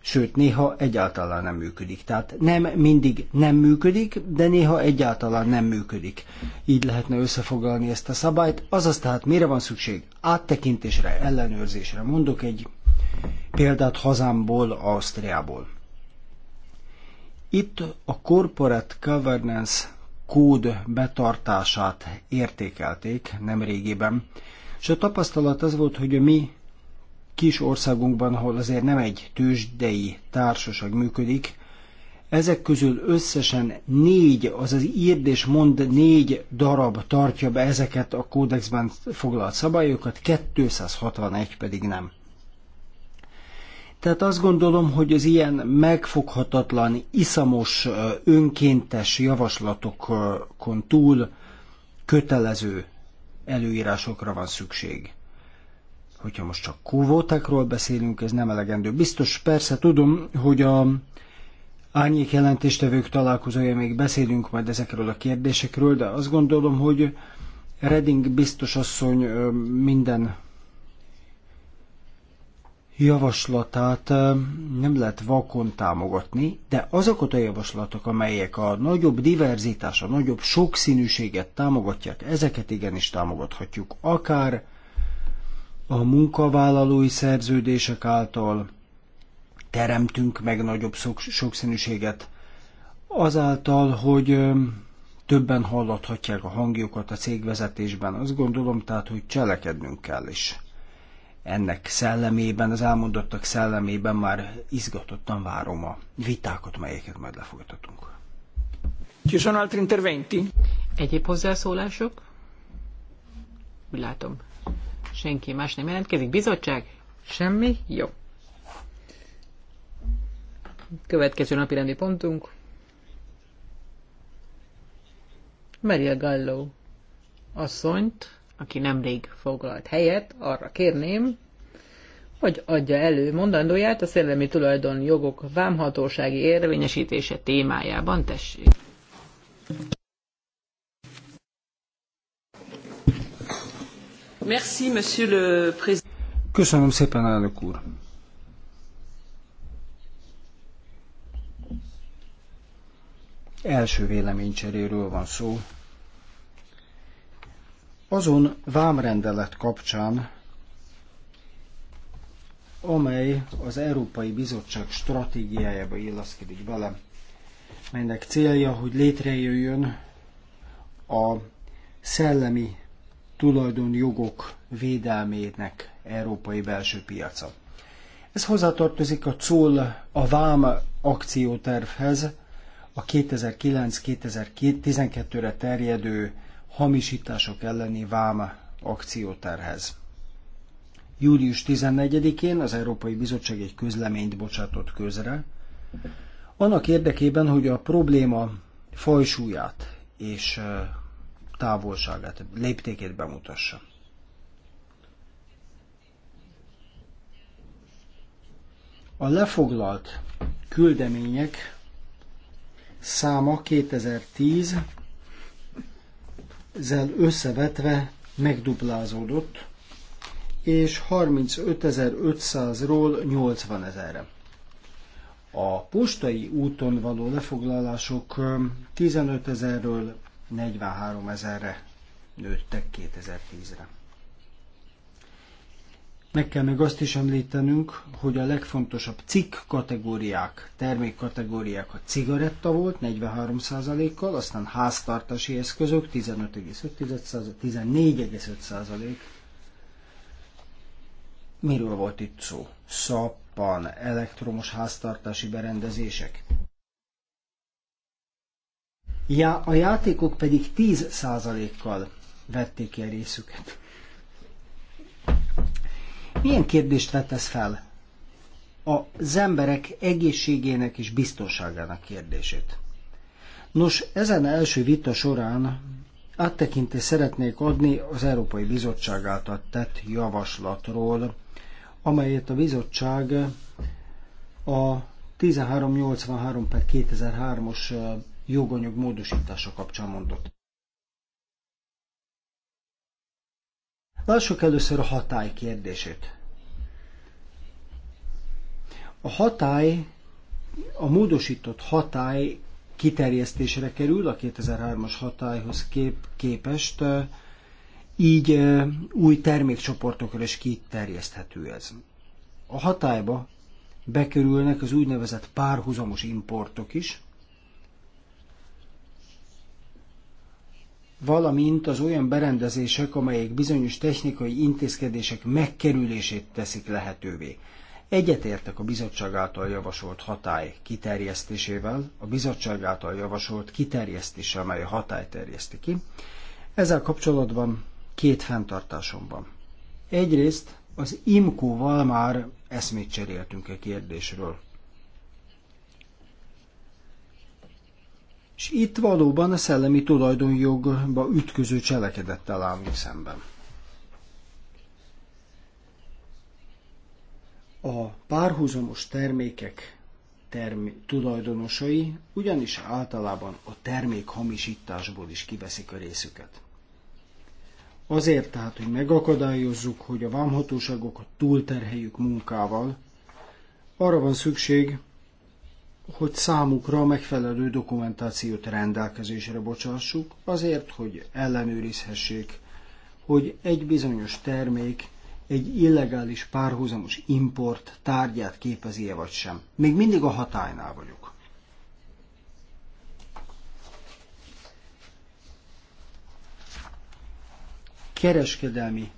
Sőt, néha egyáltalán nem működik. Tehát nem mindig nem működik, de néha egyáltalán nem működik. Így lehetne összefoglalni ezt a szabályt. Azaz tehát mire van szükség? Áttekintésre, ellenőrzésre. Mondok egy példát hazámból, Ausztriából. Itt a corporate governance kód betartását értékelték nemrégiben, és a tapasztalat az volt, hogy a mi kis országunkban, ahol azért nem egy tőzsdei társaság működik, ezek közül összesen négy, azaz írd és mond négy darab tartja be ezeket a kódexben foglalt szabályokat, 261 pedig nem. Tehát azt gondolom, hogy az ilyen megfoghatatlan, iszamos, önkéntes javaslatokon túl kötelező előírásokra van szükség. Hogyha most csak kvótákról beszélünk, ez nem elegendő. Biztos, persze tudom, hogy a árnyék jelentéstevők találkozója még beszélünk majd ezekről a kérdésekről, de azt gondolom, hogy Reding biztos asszony minden javaslatát nem lehet vakon támogatni, de azokat a javaslatok, amelyek a nagyobb diverzitás, a nagyobb sokszínűséget támogatják, ezeket igenis támogathatjuk, akár a munkavállalói szerződések által teremtünk meg nagyobb sokszínűséget, azáltal, hogy többen hallathatják a hangjukat a cégvezetésben. Azt gondolom tehát, hogy cselekednünk kell is ennek szellemében, az elmondottak szellemében már izgatottan várom a vitákat, melyeket majd lefolytatunk. Egyéb hozzászólások? Úgy látom. Senki más nem jelentkezik. Bizottság? Semmi? Jó. Következő napi rendi pontunk. Maria Gallo asszonyt aki nemrég foglalt helyet, arra kérném, hogy adja elő mondandóját a szellemi tulajdon jogok vámhatósági érvényesítése témájában. Tessék! Merci, monsieur le président. Köszönöm szépen, elnök úr! Első véleménycseréről van szó, azon vámrendelet kapcsán, amely az Európai Bizottság stratégiájába illeszkedik bele, melynek célja, hogy létrejöjjön a szellemi tulajdonjogok védelmének európai belső piaca. Ez hozzátartozik a CUL, a VÁM akciótervhez, a 2009-2012-re terjedő hamisítások elleni vám akcióterhez. Július 14-én az Európai Bizottság egy közleményt bocsátott közre, annak érdekében, hogy a probléma fajsúlyát és távolságát, léptékét bemutassa. A lefoglalt küldemények száma 2010 ezzel összevetve megduplázódott, és 35.500-ról 80 ezerre. A postai úton való lefoglalások 15 ezerről 43 ezerre nőttek 2010-re. Meg kell meg azt is említenünk, hogy a legfontosabb cikk kategóriák, termékkategóriák a cigaretta volt 43%-kal, aztán háztartási eszközök 15,5%, 14,5%. Miről volt itt szó? Szappan, elektromos háztartási berendezések. Ja, a játékok pedig 10%-kal vették el részüket. Milyen kérdést vetesz fel? Az emberek egészségének és biztonságának kérdését. Nos, ezen első vita során áttekintést szeretnék adni az Európai Bizottság által tett javaslatról, amelyet a bizottság a 1383 per 2003-os joganyag módosítása kapcsán mondott. Lássuk először a hatály kérdését. A hatály, a módosított hatály kiterjesztésre kerül a 2003-as hatályhoz kép, képest, így új termékcsoportokra is kiterjeszthető ez. A hatályba bekerülnek az úgynevezett párhuzamos importok is, valamint az olyan berendezések, amelyek bizonyos technikai intézkedések megkerülését teszik lehetővé. Egyetértek a bizottság által javasolt hatály kiterjesztésével, a bizottság által javasolt kiterjesztéssel, amely a hatály terjeszti ki. Ezzel kapcsolatban két fenntartásom van. Egyrészt az IMCO-val már eszmét cseréltünk a e kérdésről. És itt valóban a szellemi tulajdonjogba ütköző cselekedettel állunk szemben. A párhuzamos termékek term- tulajdonosai ugyanis általában a termék hamisításból is kiveszik a részüket. Azért tehát, hogy megakadályozzuk, hogy a vámhatóságokat túlterheljük munkával, arra van szükség, hogy számukra megfelelő dokumentációt rendelkezésre bocsássuk, azért, hogy ellenőrizhessék, hogy egy bizonyos termék egy illegális párhuzamos import tárgyát képezi-e vagy sem. Még mindig a hatálynál vagyok. Kereskedelmi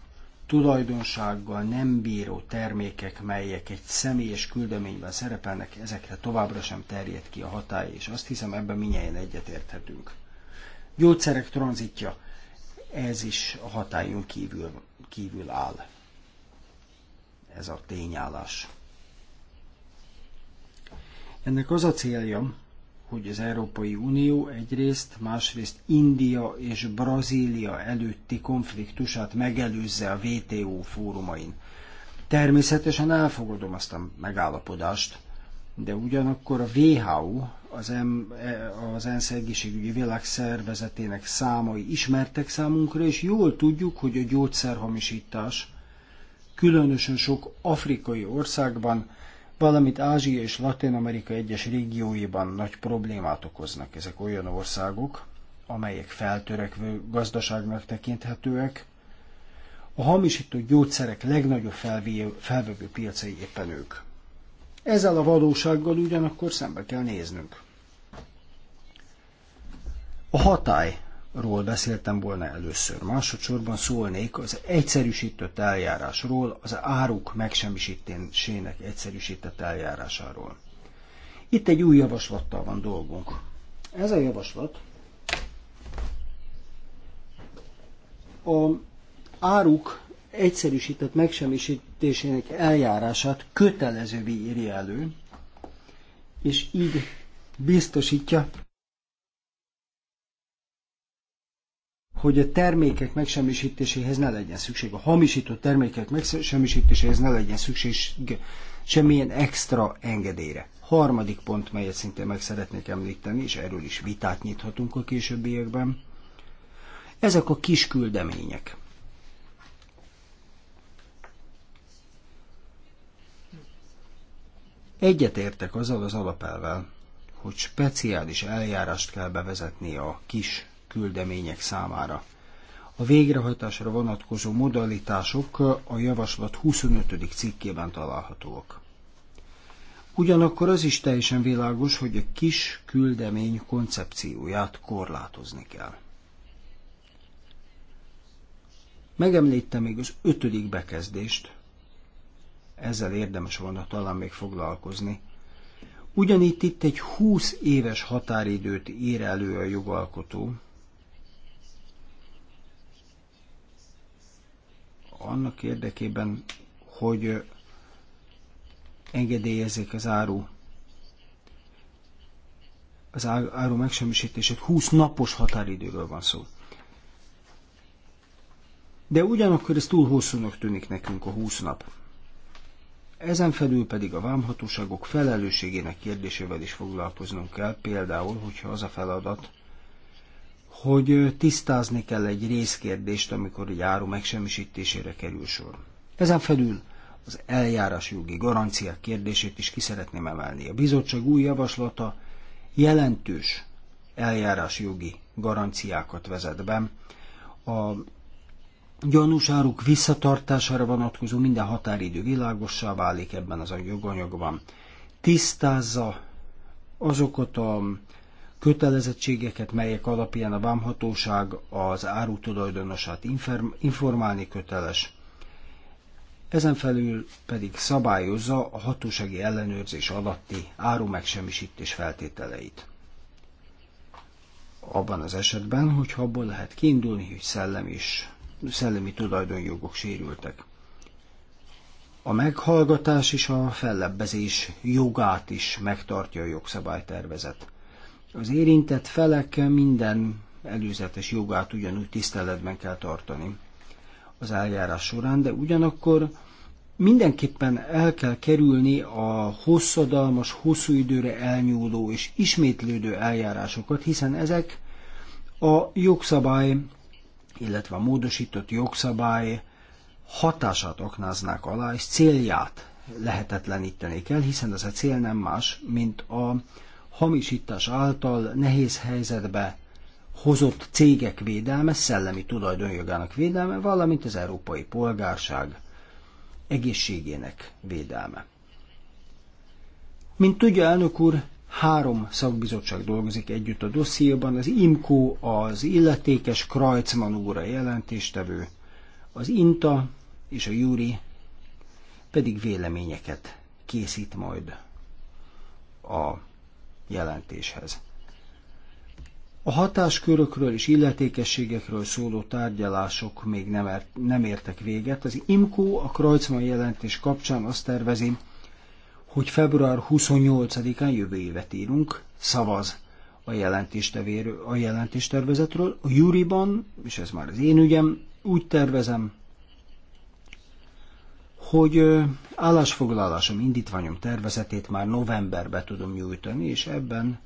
tulajdonsággal nem bíró termékek, melyek egy személyes küldeményben szerepelnek, ezekre továbbra sem terjed ki a hatály, és azt hiszem ebben minnyáján egyetérthetünk. Gyógyszerek tranzitja, ez is a hatályunk kívül, kívül áll. Ez a tényállás. Ennek az a célja, hogy az Európai Unió egyrészt, másrészt India és Brazília előtti konfliktusát megelőzze a WTO fórumain. Természetesen elfogadom azt a megállapodást, de ugyanakkor a WHO, az, M, e, az ENSZ egészségügyi világszervezetének számai ismertek számunkra, és jól tudjuk, hogy a gyógyszerhamisítás különösen sok afrikai országban valamint Ázsia és Latin Amerika egyes régióiban nagy problémát okoznak. Ezek olyan országok, amelyek feltörekvő gazdaságnak tekinthetőek. A hamisított gyógyszerek legnagyobb felvevő piacai éppen ők. Ezzel a valósággal ugyanakkor szembe kell néznünk. A hatály ról beszéltem volna először. Másodszorban szólnék az egyszerűsített eljárásról, az áruk megsemmisítésének egyszerűsített eljárásáról. Itt egy új javaslattal van dolgunk. Ez a javaslat a áruk egyszerűsített megsemmisítésének eljárását kötelezővé írja elő, és így biztosítja hogy a termékek megsemmisítéséhez ne legyen szükség, a hamisított termékek megsemmisítéséhez ne legyen szükség semmilyen extra engedélyre. Harmadik pont, melyet szintén meg szeretnék említeni, és erről is vitát nyithatunk a későbbiekben, ezek a kis küldemények. Egyetértek azzal az alapelvel, hogy speciális eljárást kell bevezetni a kis küldemények számára. A végrehajtásra vonatkozó modalitások a javaslat 25. cikkében találhatóak. Ugyanakkor az is teljesen világos, hogy a kis küldemény koncepcióját korlátozni kell. Megemlítem még az ötödik bekezdést, ezzel érdemes volna talán még foglalkozni. Ugyanitt itt egy 20 éves határidőt ír elő a jogalkotó, annak érdekében, hogy engedélyezzék az áru az áru megsemmisítését 20 napos határidőről van szó. De ugyanakkor ez túl hosszúnak tűnik nekünk a 20 nap. Ezen felül pedig a vámhatóságok felelősségének kérdésével is foglalkoznunk kell, például, hogyha az a feladat, hogy tisztázni kell egy részkérdést, amikor egy áru megsemmisítésére kerül sor. Ezen felül az eljárás jogi garanciák kérdését is ki szeretném emelni. A bizottság új javaslata jelentős eljárás jogi garanciákat vezet be. A gyanús áruk visszatartására vonatkozó minden határidő világossá válik ebben az a joganyagban. Tisztázza azokat a kötelezettségeket, melyek alapján a vámhatóság az áru tulajdonosát informálni köteles. Ezen felül pedig szabályozza a hatósági ellenőrzés alatti áru megsemmisítés feltételeit. Abban az esetben, hogy abból lehet kiindulni, hogy szellem és szellemi tulajdonjogok sérültek. A meghallgatás és a fellebbezés jogát is megtartja a jogszabálytervezet az érintett felek minden előzetes jogát ugyanúgy tiszteletben kell tartani az eljárás során, de ugyanakkor mindenképpen el kell kerülni a hosszadalmas, hosszú időre elnyúló és ismétlődő eljárásokat, hiszen ezek a jogszabály, illetve a módosított jogszabály hatását aknáznák alá, és célját lehetetlenítenék el, hiszen ez a cél nem más, mint a hamisítás által nehéz helyzetbe hozott cégek védelme, szellemi tulajdonjogának védelme, valamint az európai polgárság egészségének védelme. Mint tudja, elnök úr, három szakbizottság dolgozik együtt a dossziéban, az IMCO, az illetékes Krajcman úra jelentéstevő, az INTA és a Júri pedig véleményeket készít majd a jelentéshez. A hatáskörökről és illetékességekről szóló tárgyalások még nem, ért, nem értek véget. Az IMCO a Kreutzmann jelentés kapcsán azt tervezi, hogy február 28-án jövő évet írunk, szavaz a, jelentéstervezetről. A jelentéstervezetről. A júriban, és ez már az én ügyem, úgy tervezem, hogy állásfoglalásom, indítványom tervezetét már novemberbe tudom nyújtani, és ebben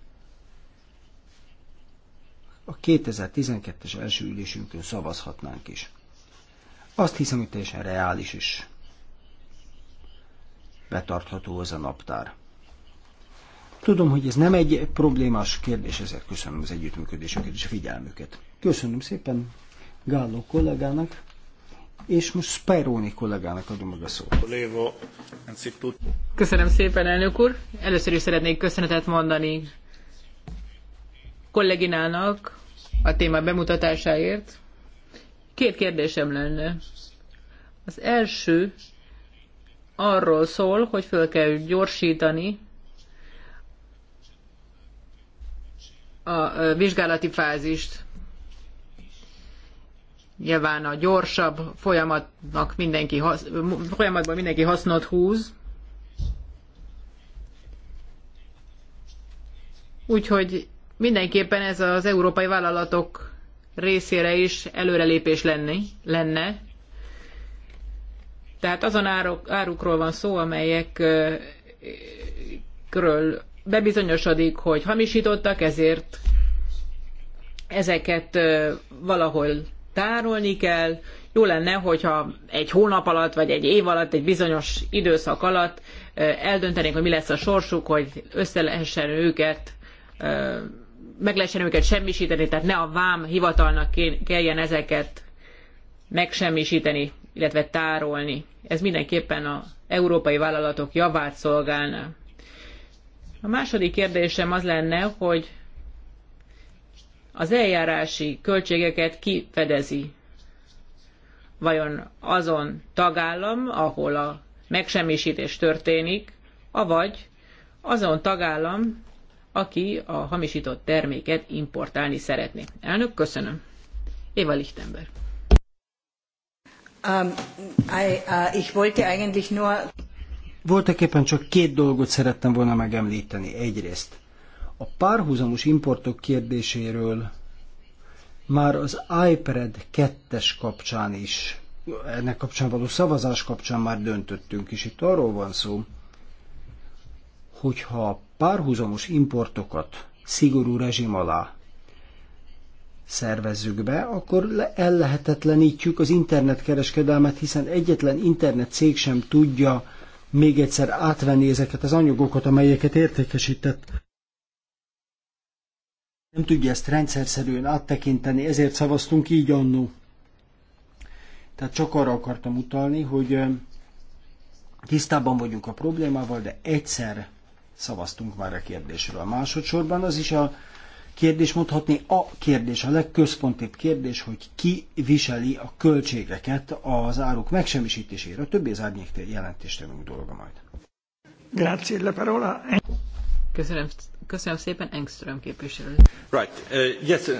a 2012-es első ülésünkön szavazhatnánk is. Azt hiszem, hogy teljesen reális is betartható az a naptár. Tudom, hogy ez nem egy problémás kérdés, ezért köszönöm az együttműködésüket és figyelmüket. Köszönöm szépen Gálló kollégának és most Spajróni kollégának adom meg a szót. Köszönöm szépen, elnök úr. Először is szeretnék köszönetet mondani kolléginának a téma bemutatásáért. Két kérdésem lenne. Az első arról szól, hogy föl kell gyorsítani a vizsgálati fázist. Nyilván a gyorsabb folyamatnak mindenki, folyamatban mindenki hasznot húz. Úgyhogy mindenképpen ez az európai vállalatok részére is előrelépés lenni, lenne. Tehát azon áruk, árukról van szó, amelyekről bebizonyosodik, hogy hamisítottak, ezért ezeket valahol tárolni kell. Jó lenne, hogyha egy hónap alatt, vagy egy év alatt, egy bizonyos időszak alatt eldöntenénk, hogy mi lesz a sorsuk, hogy össze lehessen őket meg lehessen őket semmisíteni, tehát ne a vám hivatalnak kelljen ezeket megsemmisíteni, illetve tárolni. Ez mindenképpen az európai vállalatok javát szolgálna. A második kérdésem az lenne, hogy az eljárási költségeket kifedezi. Vajon azon tagállam, ahol a megsemmisítés történik, avagy azon tagállam, aki a hamisított terméket importálni szeretné. Elnök, köszönöm. Éva Lichtenberg. Um, I, uh, ich wollte eigentlich nur... Voltak éppen csak két dolgot szerettem volna megemlíteni. Egyrészt a párhuzamos importok kérdéséről már az iPad 2-es kapcsán is, ennek kapcsán való szavazás kapcsán már döntöttünk, és itt arról van szó, hogyha párhuzamos importokat szigorú rezsim alá szervezzük be, akkor ellehetetlenítjük az internetkereskedelmet, hiszen egyetlen internet cég sem tudja még egyszer átvenni ezeket az anyagokat, amelyeket értékesített nem tudja ezt rendszerszerűen áttekinteni, ezért szavaztunk így annó. Tehát csak arra akartam utalni, hogy tisztában vagyunk a problémával, de egyszer szavaztunk már a kérdésről. Másodszorban az is a kérdés mondhatni, a kérdés, a legközpontibb kérdés, hogy ki viseli a költségeket az áruk megsemmisítésére. A többi az árnyék jelentéstevünk dolga majd. Grazie la parola. Köszönöm Köszönöm szépen, Engström képviselő. Right. Uh, yes. Uh,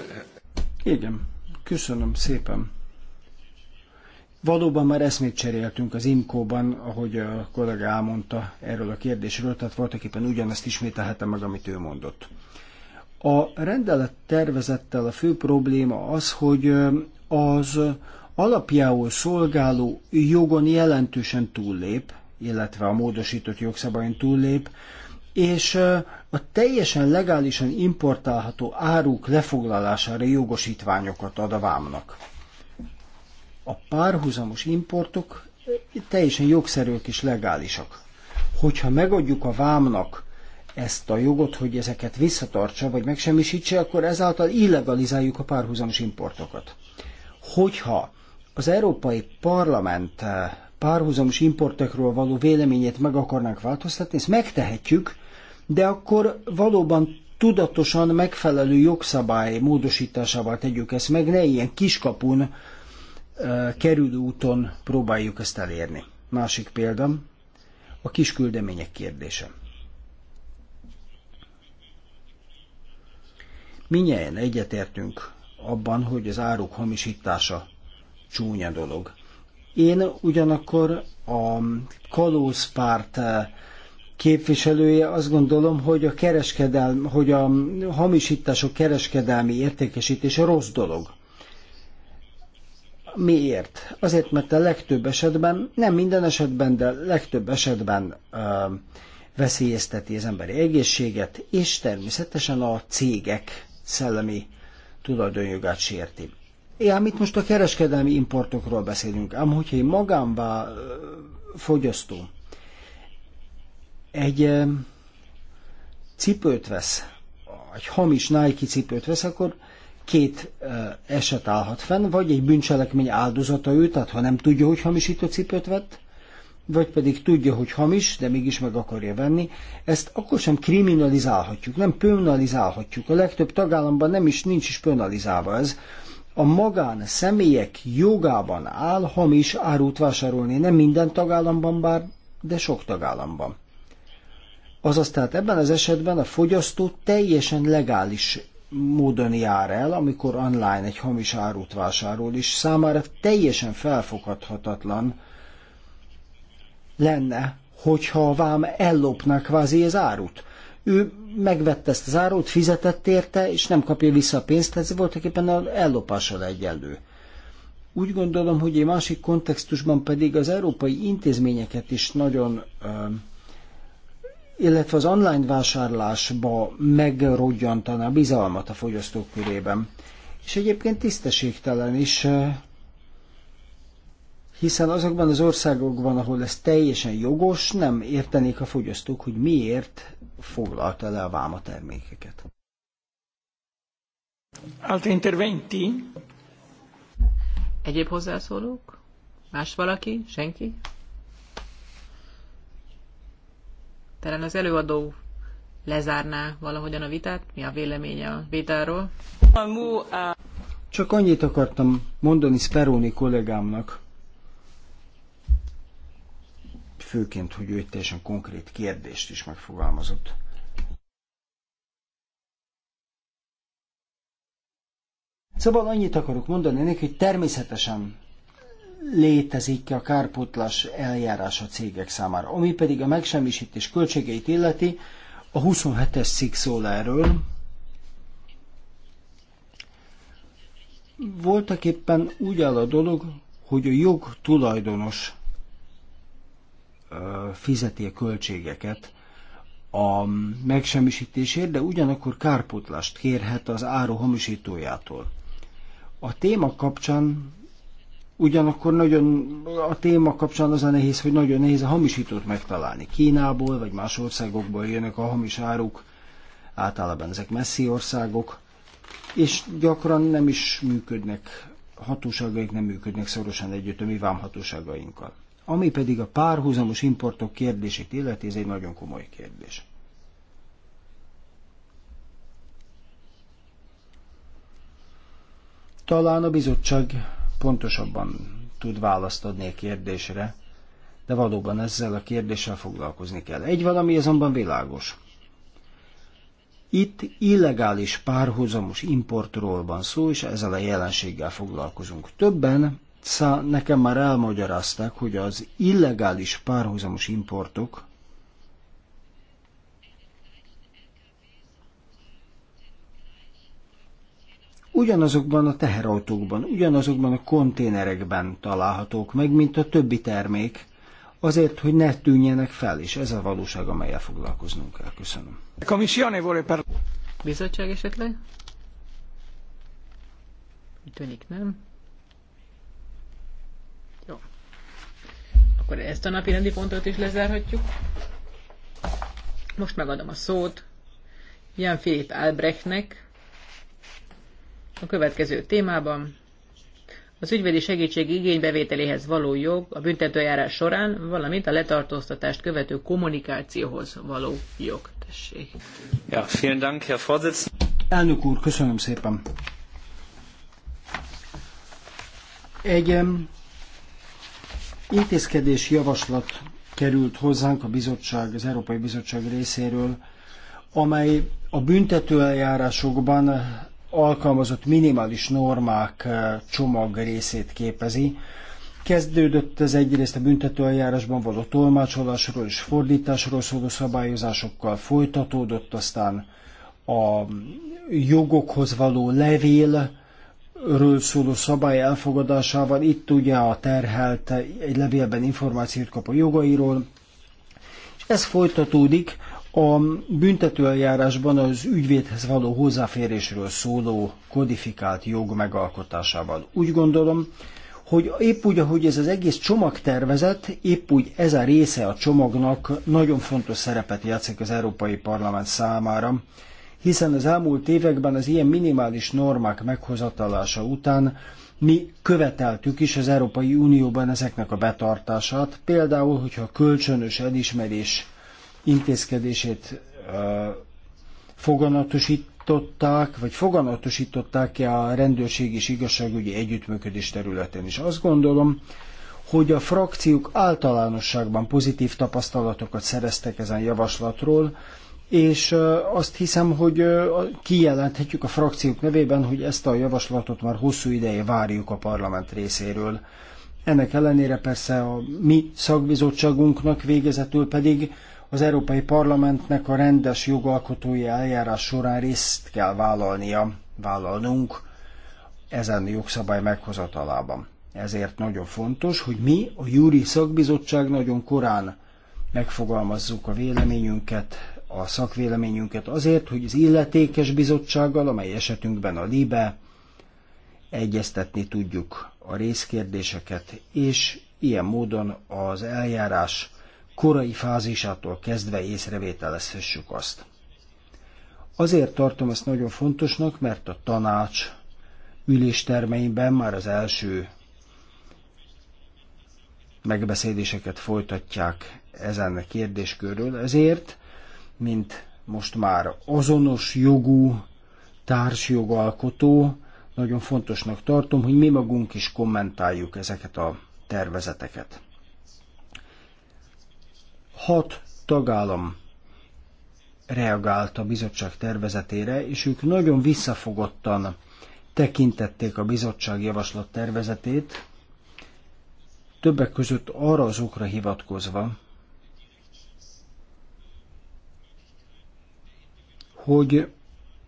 Igen, köszönöm szépen. Valóban már eszmét cseréltünk az IMCO-ban, ahogy a kollega elmondta erről a kérdésről, tehát voltaképpen ugyanezt ismételhetem meg, amit ő mondott. A rendelet tervezettel a fő probléma az, hogy az alapjául szolgáló jogon jelentősen túllép, illetve a módosított jogszabályon túllép, és a teljesen legálisan importálható áruk lefoglalására jogosítványokat ad a vámnak. A párhuzamos importok teljesen jogszerűek és legálisak. Hogyha megadjuk a vámnak ezt a jogot, hogy ezeket visszatartsa, vagy megsemmisítse, akkor ezáltal illegalizáljuk a párhuzamos importokat. Hogyha az Európai Parlament párhuzamos importokról való véleményét meg akarnánk változtatni, ezt megtehetjük, de akkor valóban tudatosan megfelelő jogszabály módosításával tegyük ezt meg, ne ilyen kiskapun kerülő úton próbáljuk ezt elérni. Másik példám, a kisküldemények kérdése. Minnyáján egyetértünk abban, hogy az áruk hamisítása csúnya dolog. Én ugyanakkor a kalózpárt képviselője, azt gondolom, hogy a, kereskedelm, hogy a hamisítások kereskedelmi értékesítése rossz dolog. Miért? Azért, mert a legtöbb esetben, nem minden esetben, de legtöbb esetben ö, veszélyezteti az emberi egészséget, és természetesen a cégek szellemi tulajdonjogát sérti. Ám itt most a kereskedelmi importokról beszélünk, ám hogyha én magámban fogyasztom, egy cipőt vesz, egy hamis Nike cipőt vesz, akkor két eset állhat fenn, vagy egy bűncselekmény áldozata ő, tehát ha nem tudja, hogy hamisító cipőt vett, vagy pedig tudja, hogy hamis, de mégis meg akarja venni, ezt akkor sem kriminalizálhatjuk, nem pönalizálhatjuk. A legtöbb tagállamban nem is nincs is pönalizálva ez. A magán személyek jogában áll hamis árut vásárolni, nem minden tagállamban bár, de sok tagállamban. Azaz tehát ebben az esetben a fogyasztó teljesen legális módon jár el, amikor online egy hamis árut vásárol, és számára teljesen felfoghatatlan lenne, hogyha a vám ellopná kvázi az árut. Ő megvette ezt az árut, fizetett érte, és nem kapja vissza a pénzt, ez voltak éppen az ellopással egyenlő. Úgy gondolom, hogy egy másik kontextusban pedig az európai intézményeket is nagyon illetve az online vásárlásba megrodjantaná bizalmat a fogyasztók körében. És egyébként tisztességtelen is, eh, hiszen azokban az országokban, ahol ez teljesen jogos, nem értenék a fogyasztók, hogy miért foglalta le a váma termékeket. Altri interventi? Egyéb hozzászólók? Más valaki? Senki? Talán az előadó lezárná valahogyan a vitát. Mi a véleménye a vitáról? Csak annyit akartam mondani Speroni kollégámnak, főként, hogy ő egy teljesen konkrét kérdést is megfogalmazott. Szóval annyit akarok mondani neki, hogy természetesen létezik a kárpótlás eljárás a cégek számára. Ami pedig a megsemmisítés költségeit illeti, a 27-es cikk szól erről. Voltak éppen úgy áll a dolog, hogy a jog tulajdonos fizeti a költségeket a megsemmisítésért, de ugyanakkor kárpótlást kérhet az áru hamisítójától. A téma kapcsán Ugyanakkor nagyon a téma kapcsán az a nehéz, hogy nagyon nehéz a hamisítót megtalálni. Kínából vagy más országokból jönnek a hamis áruk, általában ezek messzi országok, és gyakran nem is működnek, hatóságaik nem működnek szorosan együtt a mi vámhatóságainkkal. Ami pedig a párhuzamos importok kérdését illeti, ez egy nagyon komoly kérdés. Talán a bizottság pontosabban tud választ adni a kérdésre, de valóban ezzel a kérdéssel foglalkozni kell. Egy valami azonban világos. Itt illegális párhuzamos importról van szó, és ezzel a jelenséggel foglalkozunk. Többen szá, nekem már elmagyarázták, hogy az illegális párhuzamos importok ugyanazokban a teherautókban, ugyanazokban a konténerekben találhatók meg, mint a többi termék, azért, hogy ne tűnjenek fel, és ez a valóság, amelyel foglalkoznunk kell. Köszönöm. Bizottság esetleg? tűnik, nem? Jó. Akkor ezt a napi rendi pontot is lezárhatjuk. Most megadom a szót Jan Filip Albrechtnek, a következő témában az ügyvédi segítség igénybevételéhez való jog a büntetőjárás során, valamint a letartóztatást követő kommunikációhoz való jog. Tessék. Ja, vielen Dank, Herr Vorsitzender. Elnök úr, köszönöm szépen. Egy intézkedés javaslat került hozzánk a bizottság, az Európai Bizottság részéről, amely a büntetőeljárásokban alkalmazott minimális normák eh, csomag részét képezi. Kezdődött ez egyrészt a büntetőeljárásban való tolmácsolásról és fordításról szóló szabályozásokkal, folytatódott aztán a jogokhoz való levél, ről szóló szabály elfogadásával, itt ugye a terhelt egy levélben információt kap a jogairól, és ez folytatódik a büntetőeljárásban az ügyvédhez való hozzáférésről szóló kodifikált jog megalkotásával Úgy gondolom, hogy épp úgy, ahogy ez az egész csomagtervezet, épp úgy ez a része a csomagnak nagyon fontos szerepet játszik az Európai Parlament számára, hiszen az elmúlt években az ilyen minimális normák meghozatalása után mi követeltük is az Európai Unióban ezeknek a betartását, például, hogyha kölcsönös elismerés intézkedését foganatosították, vagy foganatosították -e a rendőrség és igazságügyi együttműködés területén is. Azt gondolom, hogy a frakciók általánosságban pozitív tapasztalatokat szereztek ezen javaslatról, és azt hiszem, hogy kijelenthetjük a frakciók nevében, hogy ezt a javaslatot már hosszú ideje várjuk a parlament részéről. Ennek ellenére persze a mi szakbizottságunknak végezetül pedig az Európai Parlamentnek a rendes jogalkotói eljárás során részt kell vállalnia, vállalnunk ezen jogszabály meghozatalában. Ezért nagyon fontos, hogy mi, a Júri Szakbizottság nagyon korán megfogalmazzuk a véleményünket, a szakvéleményünket azért, hogy az illetékes bizottsággal, amely esetünkben a LIBE, egyeztetni tudjuk a részkérdéseket, és ilyen módon az eljárás korai fázisától kezdve észrevételezhessük azt. Azért tartom ezt nagyon fontosnak, mert a tanács üléstermeimben már az első megbeszéléseket folytatják ezen a kérdéskörről, ezért, mint most már azonos jogú társjogalkotó, nagyon fontosnak tartom, hogy mi magunk is kommentáljuk ezeket a tervezeteket. Hat tagállam reagált a bizottság tervezetére, és ők nagyon visszafogottan tekintették a bizottság javaslat tervezetét, többek között arra az okra hivatkozva, hogy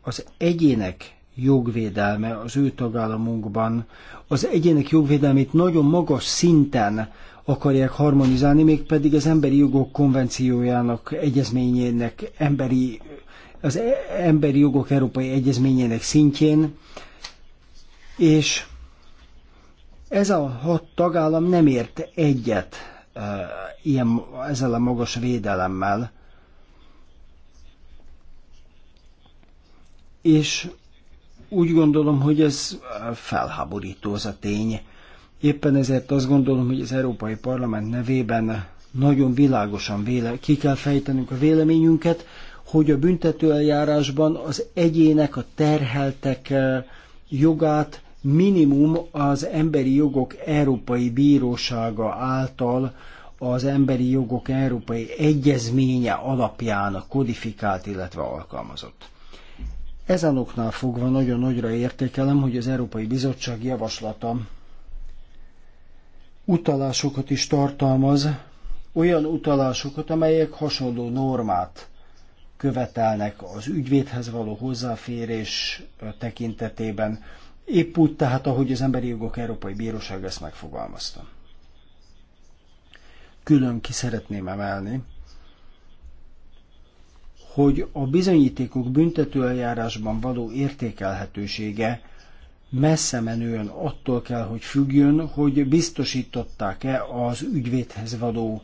az egyének jogvédelme az ő tagállamunkban, az egyének jogvédelmét nagyon magas szinten akarják harmonizálni, mégpedig az emberi jogok konvenciójának, egyezményének, emberi, az e, emberi jogok európai egyezményének szintjén, és ez a hat tagállam nem ért egyet e, ilyen, ezzel a magas védelemmel. És úgy gondolom, hogy ez e, felháborító az a tény, Éppen ezért azt gondolom, hogy az Európai Parlament nevében nagyon világosan véle, ki kell fejtenünk a véleményünket, hogy a büntetőeljárásban az egyének, a terheltek eh, jogát minimum az emberi jogok Európai Bírósága által az emberi jogok Európai Egyezménye alapján kodifikált, illetve alkalmazott. Ezen oknál fogva nagyon nagyra értékelem, hogy az Európai Bizottság javaslata utalásokat is tartalmaz, olyan utalásokat, amelyek hasonló normát követelnek az ügyvédhez való hozzáférés tekintetében, épp úgy tehát, ahogy az Emberi Jogok Európai Bíróság ezt megfogalmazta. Külön ki szeretném emelni, hogy a bizonyítékok büntetőeljárásban való értékelhetősége messze menően attól kell, hogy függjön, hogy biztosították-e az ügyvédhez való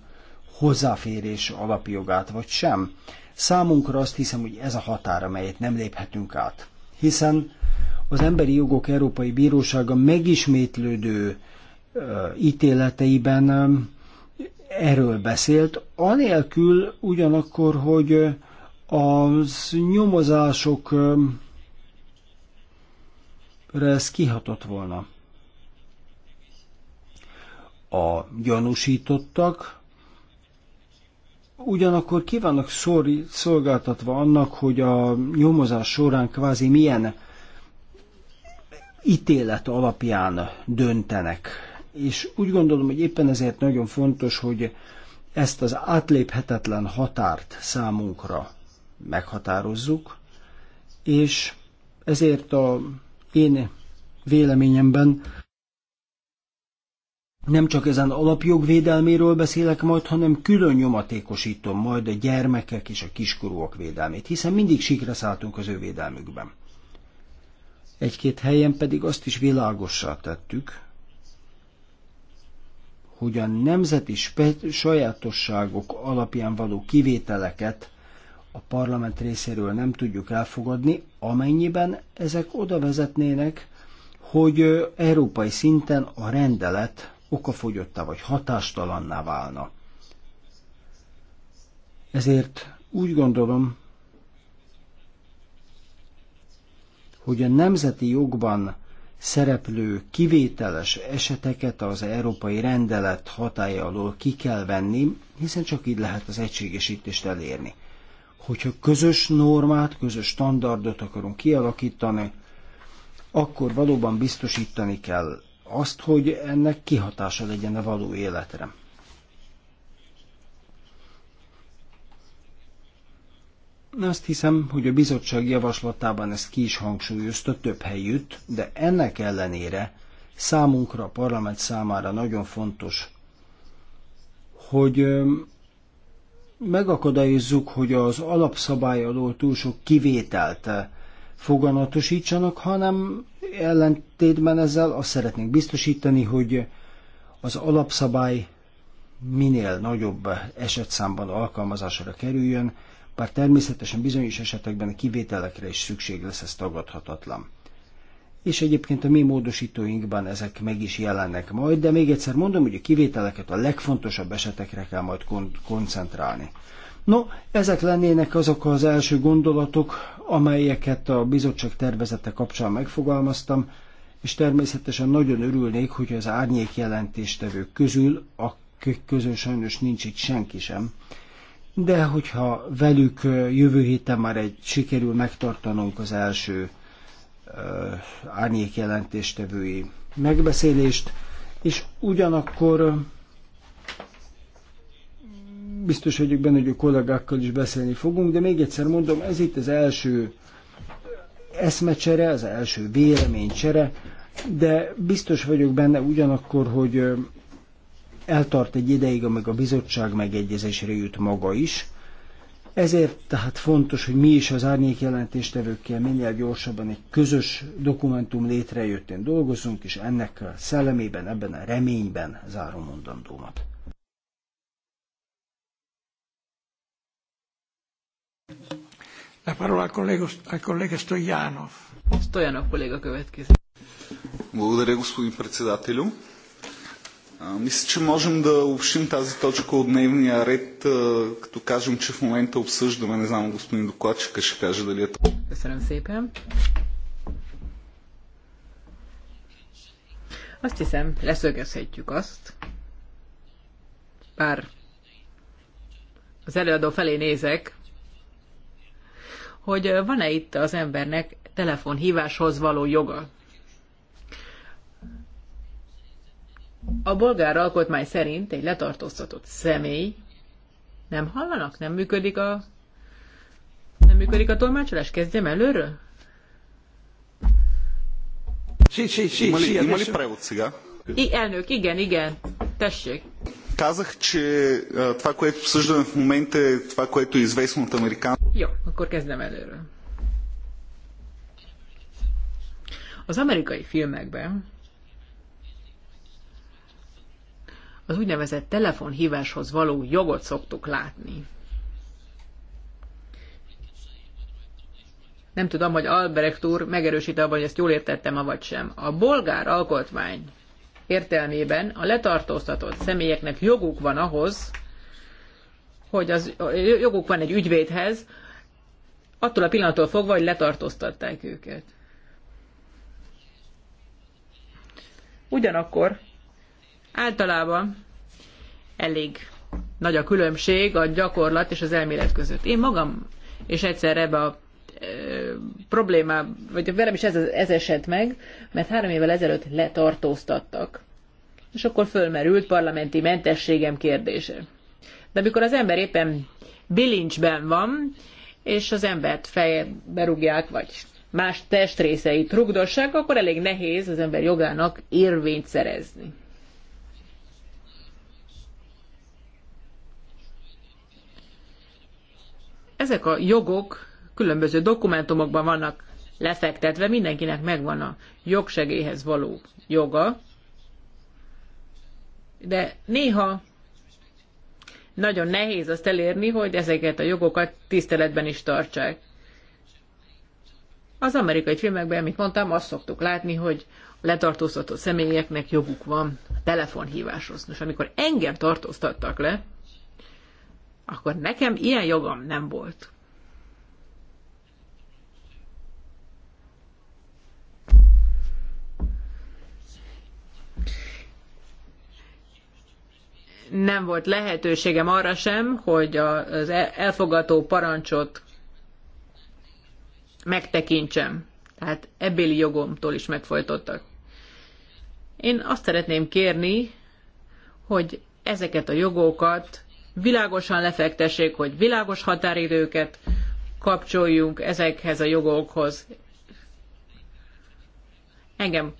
hozzáférés alapjogát, vagy sem. Számunkra azt hiszem, hogy ez a határ, amelyet nem léphetünk át. Hiszen az Emberi Jogok Európai Bírósága megismétlődő ítéleteiben erről beszélt, anélkül ugyanakkor, hogy az nyomozások ez kihatott volna. A gyanúsítottak ugyanakkor ki vannak szolgáltatva annak, hogy a nyomozás során kvázi milyen ítélet alapján döntenek. És úgy gondolom, hogy éppen ezért nagyon fontos, hogy ezt az átléphetetlen határt számunkra meghatározzuk, és ezért a én véleményemben nem csak ezen alapjog védelméről beszélek majd, hanem külön nyomatékosítom majd a gyermekek és a kiskorúak védelmét, hiszen mindig sikre szálltunk az ő védelmükben. Egy-két helyen pedig azt is világossá tettük, hogy a nemzeti sajátosságok alapján való kivételeket a parlament részéről nem tudjuk elfogadni, amennyiben ezek oda vezetnének, hogy európai szinten a rendelet okafogyottá vagy hatástalanná válna. Ezért úgy gondolom, hogy a nemzeti jogban szereplő kivételes eseteket az európai rendelet hatája alól ki kell venni, hiszen csak így lehet az egységesítést elérni. Hogyha közös normát, közös standardot akarunk kialakítani, akkor valóban biztosítani kell azt, hogy ennek kihatása legyen a való életre. Azt hiszem, hogy a bizottság javaslatában ezt ki is hangsúlyozta több helyütt, de ennek ellenére számunkra, a parlament számára nagyon fontos, hogy megakadályozzuk, hogy az alapszabály alól túl sok kivételt foganatosítsanak, hanem ellentétben ezzel azt szeretnénk biztosítani, hogy az alapszabály minél nagyobb esetszámban alkalmazásra kerüljön, bár természetesen bizonyos esetekben a kivételekre is szükség lesz, ez tagadhatatlan és egyébként a mi módosítóinkban ezek meg is jelennek majd, de még egyszer mondom, hogy a kivételeket a legfontosabb esetekre kell majd kon- koncentrálni. No, ezek lennének azok az első gondolatok, amelyeket a bizottság tervezete kapcsán megfogalmaztam, és természetesen nagyon örülnék, hogy az árnyék jelentéstevők közül, akik közül sajnos nincs itt senki sem, de hogyha velük jövő héten már egy sikerül megtartanunk az első árnyék jelentéstevői megbeszélést, és ugyanakkor biztos vagyok benne, hogy a kollégákkal is beszélni fogunk, de még egyszer mondom, ez itt az első eszmecsere, az első véleménycsere, de biztos vagyok benne ugyanakkor, hogy eltart egy ideig, amíg a bizottság megegyezésre jut maga is, ezért tehát fontos, hogy mi is az árnyék jelentéstevőkkel minél gyorsabban egy közös dokumentum létrejöttén dolgozunk, és ennek a szellemében, ebben a reményben zárom mondandómat. La parola al collega, al collega Stojanov. Stojanov kolléga következik. Благодаря, господин председателю. Мисля, че можем да общим тази точка от дневния ред, като кажем, че в момента обсъждаме, не знам, господин докладчика ще каже дали е това. Azt hiszem, leszögezhetjük azt, bár az előadó felé nézek, hogy van-e itt az embernek telefonhíváshoz való joga. A bolgár alkotmány szerint egy letartóztatott személy nem hallanak, nem működik a nem működik a tolmácsolás? Kezdjem előről? Sí, sí, sí, има sí, има ли igen, igen. Tessék. Казах, че това, което обсъждаме в момента е това, което е известно от американ... Jó, akkor kezdem előről. Az amerikai filmekben az úgynevezett telefonhíváshoz való jogot szoktuk látni. Nem tudom, hogy Albrecht úr megerősít abban, hogy ezt jól értettem, vagy sem. A bolgár alkotmány értelmében a letartóztatott személyeknek joguk van ahhoz, hogy az, joguk van egy ügyvédhez, attól a pillanattól fogva, hogy letartóztatták őket. Ugyanakkor Általában elég nagy a különbség a gyakorlat és az elmélet között. Én magam és egyszer ebbe a e, problémá, vagy velem is ez, ez esett meg, mert három évvel ezelőtt letartóztattak. És akkor fölmerült parlamenti mentességem kérdése. De amikor az ember éppen bilincsben van, és az embert fejbe berúgják, vagy más testrészeit rugdossák, akkor elég nehéz az ember jogának érvényt szerezni. Ezek a jogok különböző dokumentumokban vannak lefektetve, mindenkinek megvan a jogsegélyhez való joga, de néha nagyon nehéz azt elérni, hogy ezeket a jogokat tiszteletben is tartsák. Az amerikai filmekben, amit mondtam, azt szoktuk látni, hogy a letartóztatott személyeknek joguk van telefonhíváshoz. Nos, amikor engem tartóztattak le, akkor nekem ilyen jogom nem volt. Nem volt lehetőségem arra sem, hogy az e- elfogató parancsot megtekintsem. Tehát ebbéli jogomtól is megfojtottak. Én azt szeretném kérni, hogy ezeket a jogokat világosan lefektessék, hogy világos határidőket kapcsoljunk ezekhez a jogokhoz. Engem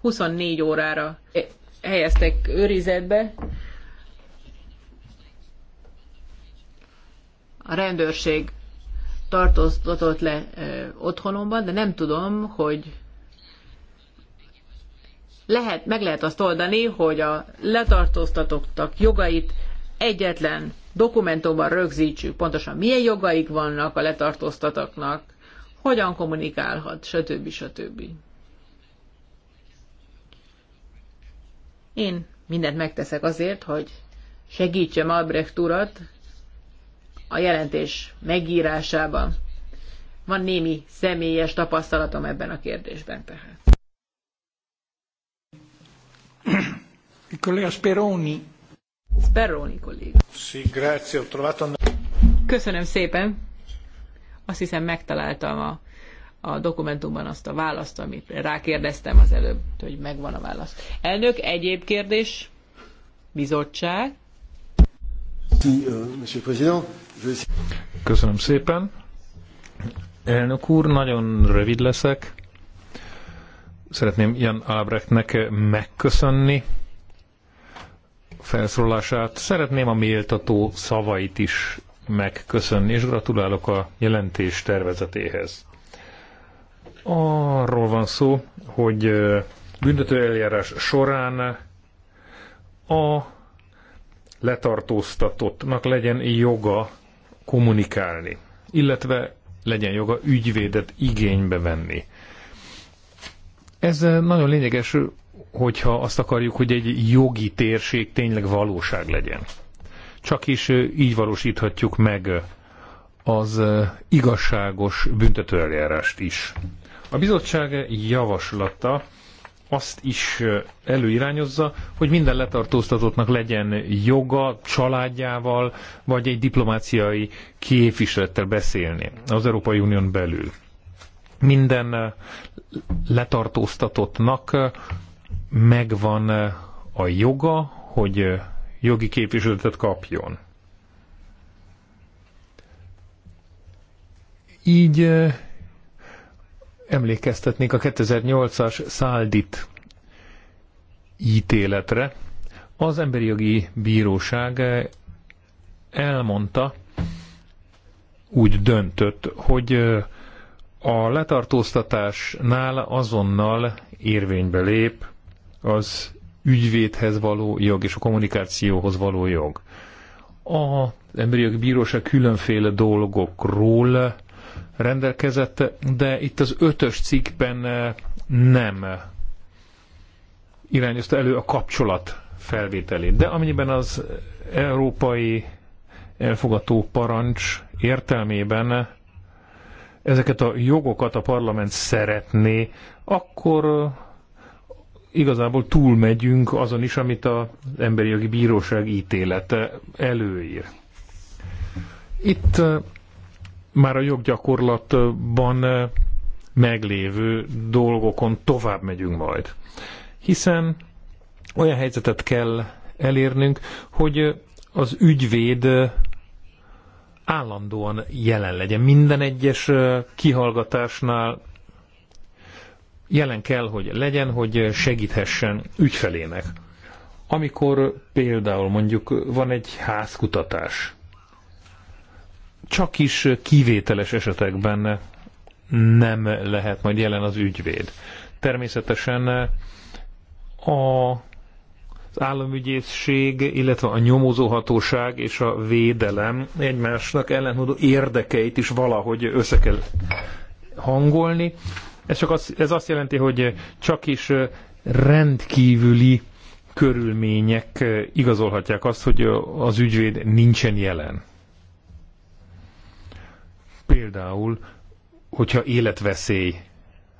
24 órára helyeztek őrizetbe. A rendőrség tartóztatott le ö, otthonomban, de nem tudom, hogy lehet, meg lehet azt oldani, hogy a letartóztatottak jogait egyetlen dokumentumban rögzítsük pontosan milyen jogaik vannak a letartóztataknak, hogyan kommunikálhat, stb. stb. Én mindent megteszek azért, hogy segítsem Albrecht urat a jelentés megírásában. Van némi személyes tapasztalatom ebben a kérdésben tehát. Kollega Speroni grazie, ho trovato... Köszönöm szépen. Azt hiszem megtaláltam a, a dokumentumban azt a választ, amit rákérdeztem az előbb, hogy megvan a válasz. Elnök, egyéb kérdés? Bizottság? Euh, Köszönöm szépen. Elnök úr, nagyon rövid leszek. Szeretném Jan Albrechtnek megköszönni felszólását. Szeretném a méltató szavait is megköszönni, és gratulálok a jelentés tervezetéhez. Arról van szó, hogy büntetőeljárás során a letartóztatottnak legyen joga kommunikálni, illetve legyen joga ügyvédet igénybe venni. Ez nagyon lényeges hogyha azt akarjuk, hogy egy jogi térség tényleg valóság legyen. Csak is így valósíthatjuk meg az igazságos büntetőeljárást is. A bizottság javaslata azt is előirányozza, hogy minden letartóztatottnak legyen joga családjával, vagy egy diplomáciai képviselettel beszélni az Európai Unión belül. Minden letartóztatottnak megvan eh, a joga, hogy eh, jogi képviseletet kapjon. Így eh, emlékeztetnék a 2008-as Száldit ítéletre. Az Emberi Jogi Bíróság elmondta, úgy döntött, hogy a letartóztatásnál azonnal érvénybe lép az ügyvédhez való jog és a kommunikációhoz való jog. A emberi jogi bíróság különféle dolgokról rendelkezett, de itt az ötös cikkben eh, nem irányozta elő a kapcsolat felvételét. De amennyiben az európai elfogató parancs értelmében ezeket a jogokat a parlament szeretné, akkor igazából túlmegyünk azon is, amit az Emberi Jogi Bíróság ítélete előír. Itt eh, már a joggyakorlatban eh, meglévő dolgokon tovább megyünk majd. Hiszen olyan helyzetet kell elérnünk, hogy eh, az ügyvéd állandóan jelen legyen. Minden egyes kihallgatásnál jelen kell, hogy legyen, hogy segíthessen ügyfelének. Amikor például mondjuk van egy házkutatás, csak is kivételes esetekben nem lehet majd jelen az ügyvéd. Természetesen a, az államügyészség, illetve a nyomozóhatóság és a védelem egymásnak ellentmondó érdekeit is valahogy össze kell hangolni, ez, csak az, ez azt jelenti, hogy csak is rendkívüli körülmények igazolhatják azt, hogy az ügyvéd nincsen jelen. Például, hogyha életveszély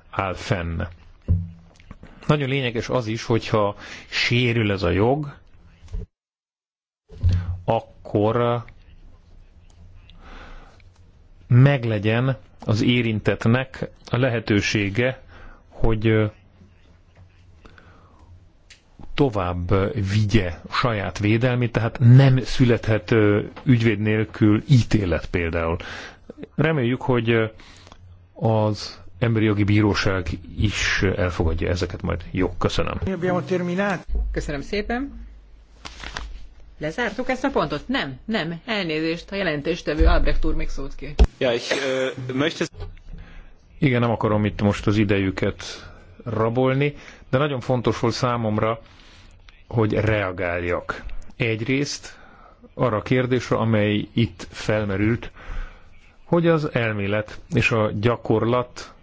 áll fenn. Nagyon lényeges az is, hogyha sérül ez a jog, akkor meglegyen az érintetnek a lehetősége, hogy tovább vigye a saját védelmét, tehát nem születhet ügyvéd nélkül ítélet például. Reméljük, hogy az Emberi Jogi Bíróság is elfogadja ezeket majd. Jó, köszönöm. Köszönöm szépen. Lezártuk ezt a pontot? Nem, nem, elnézést, a jelentéstevő Albrecht úr még szólt ki. Ja, ich, ö, möchte... Igen, nem akarom itt most az idejüket rabolni, de nagyon fontos volt számomra, hogy reagáljak. Egyrészt arra a kérdésre, amely itt felmerült, hogy az elmélet és a gyakorlat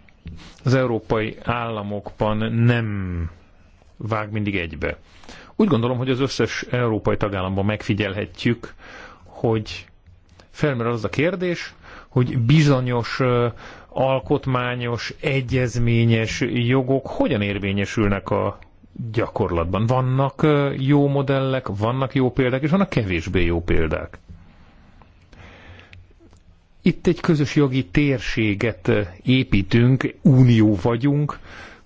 az európai államokban nem vág mindig egybe. Úgy gondolom, hogy az összes európai tagállamban megfigyelhetjük, hogy felmerül az a kérdés, hogy bizonyos alkotmányos, egyezményes jogok hogyan érvényesülnek a gyakorlatban. Vannak jó modellek, vannak jó példák, és vannak kevésbé jó példák. Itt egy közös jogi térséget építünk, unió vagyunk,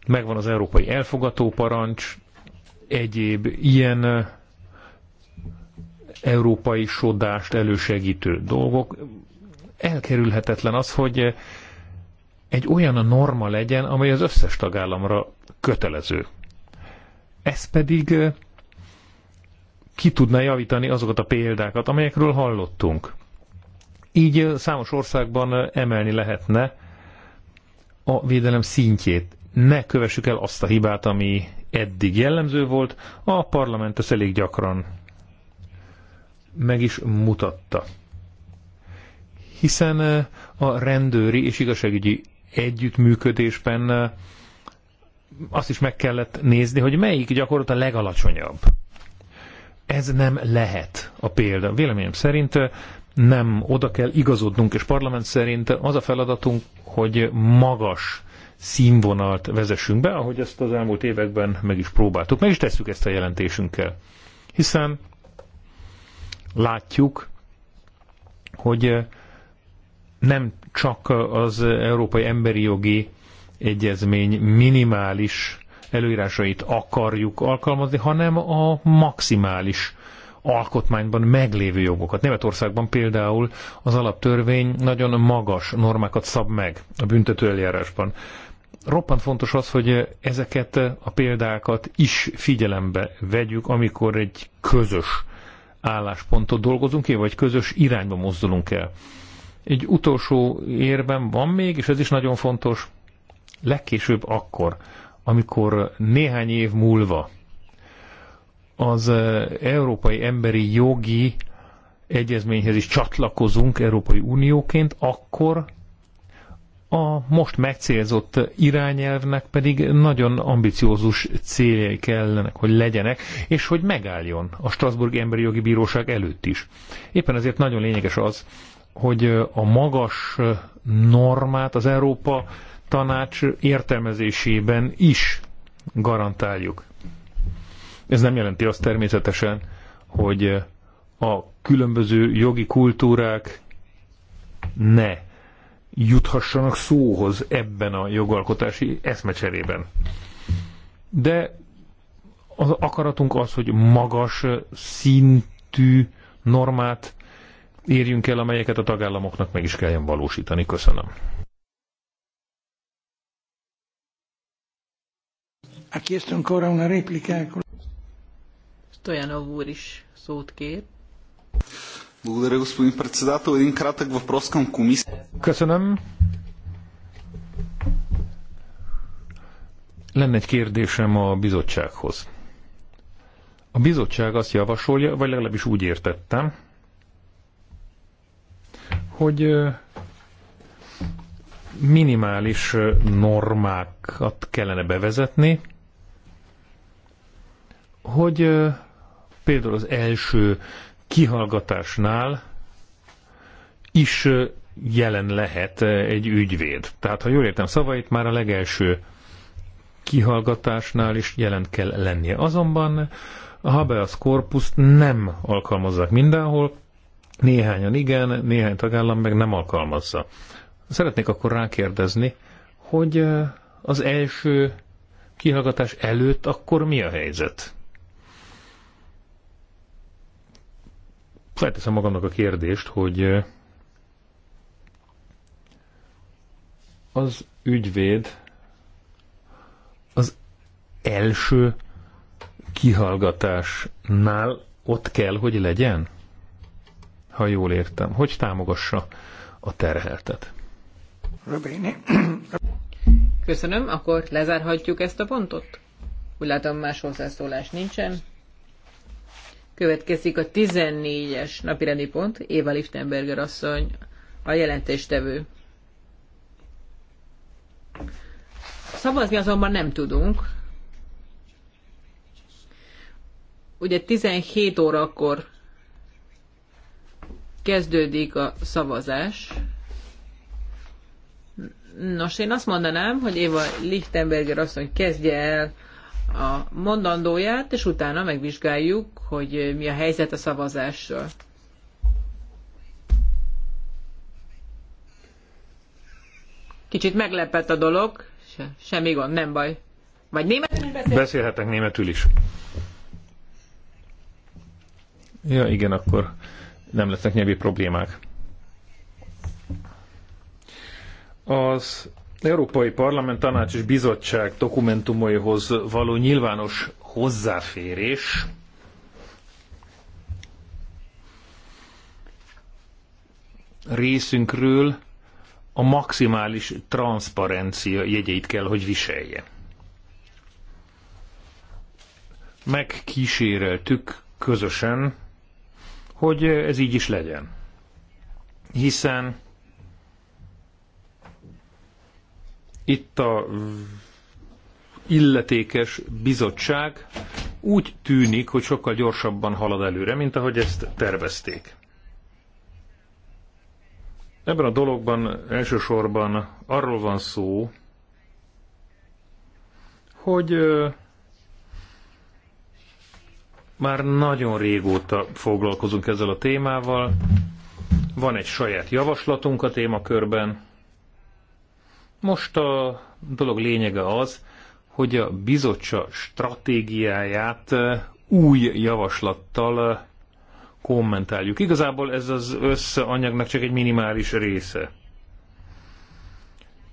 megvan az európai elfogató parancs, egyéb ilyen európai sodást elősegítő dolgok. Elkerülhetetlen az, hogy egy olyan norma legyen, amely az összes tagállamra kötelező. Ez pedig ki tudná javítani azokat a példákat, amelyekről hallottunk. Így számos országban emelni lehetne a védelem szintjét. Ne kövessük el azt a hibát, ami eddig jellemző volt, a parlament ezt elég gyakran meg is mutatta. Hiszen eh, a rendőri és igazságügyi együttműködésben eh, azt is meg kellett nézni, hogy melyik gyakorlat a legalacsonyabb. Ez nem lehet a példa. Véleményem szerint eh, nem oda kell igazodnunk, és parlament szerint az a feladatunk, hogy magas színvonalt vezessünk be, ahogy ezt az elmúlt években meg is próbáltuk. Meg is tesszük ezt a jelentésünkkel. Hiszen látjuk, hogy eh, nem csak az Európai Emberi Jogi Egyezmény minimális előírásait akarjuk alkalmazni, hanem a maximális alkotmányban meglévő jogokat. Németországban például az alaptörvény nagyon magas normákat szab meg a büntetőeljárásban roppant fontos az, hogy ezeket a példákat is figyelembe vegyük, amikor egy közös álláspontot dolgozunk ki, vagy közös irányba mozdulunk el. Egy utolsó érben van még, és ez is nagyon fontos, legkésőbb akkor, amikor néhány év múlva az eh, Európai Emberi Jogi Egyezményhez is csatlakozunk Európai Unióként, akkor a most megcélzott irányelvnek pedig nagyon ambiciózus céljai kellenek, hogy legyenek, és hogy megálljon a Strasburgi Emberi Jogi Bíróság előtt is. Éppen ezért nagyon lényeges az, hogy a magas normát az Európa tanács értelmezésében is garantáljuk. Ez nem jelenti azt természetesen, hogy a különböző jogi kultúrák ne juthassanak szóhoz ebben a jogalkotási eszmecserében. De az akaratunk az, hogy magas szintű normát érjünk el, amelyeket a tagállamoknak meg is kelljen valósítani. Köszönöm. Ha chiesto ancora una Stojanov úr is szót kér. Благодаря, господин председател. Един кратък въпрос към Lenne egy kérdésem a bizottsághoz. A bizottság azt javasolja, vagy legalábbis úgy értettem, hogy minimális normákat kellene bevezetni, hogy például az első kihallgatásnál is jelen lehet egy ügyvéd. Tehát, ha jól értem szavait, már a legelső kihallgatásnál is jelen kell lennie. Azonban a habeas corpus nem alkalmazzák mindenhol, néhányan igen, néhány tagállam meg nem alkalmazza. Szeretnék akkor rákérdezni, hogy az első kihallgatás előtt akkor mi a helyzet? felteszem magamnak a kérdést, hogy az ügyvéd az első kihallgatásnál ott kell, hogy legyen? Ha jól értem. Hogy támogassa a terheltet? Köszönöm, akkor lezárhatjuk ezt a pontot? Úgy látom, más hozzászólás nincsen. Következik a 14-es napirendi pont, Éva Liftenberger asszony, a jelentéstevő. Szavazni azonban nem tudunk. Ugye 17 órakor kezdődik a szavazás. Nos, én azt mondanám, hogy Éva Lichtenberger asszony kezdje el a mondandóját, és utána megvizsgáljuk, hogy mi a helyzet a szavazással. Kicsit meglepett a dolog, Se, semmi gond, nem baj. Vagy németül beszél? Beszélhetek németül is. Ja, igen, akkor nem lesznek nyelvi problémák. Az Európai Parlament, Tanács és Bizottság dokumentumaihoz való nyilvános hozzáférés részünkről a maximális transzparencia jegyeit kell, hogy viselje. Megkíséreltük közösen, hogy ez így is legyen. Hiszen itt a illetékes bizottság úgy tűnik, hogy sokkal gyorsabban halad előre, mint ahogy ezt tervezték. Ebben a dologban elsősorban arról van szó, hogy már nagyon régóta foglalkozunk ezzel a témával. Van egy saját javaslatunk a témakörben, most a dolog lényege az, hogy a bizottság stratégiáját új javaslattal kommentáljuk. Igazából ez az összeanyagnak csak egy minimális része.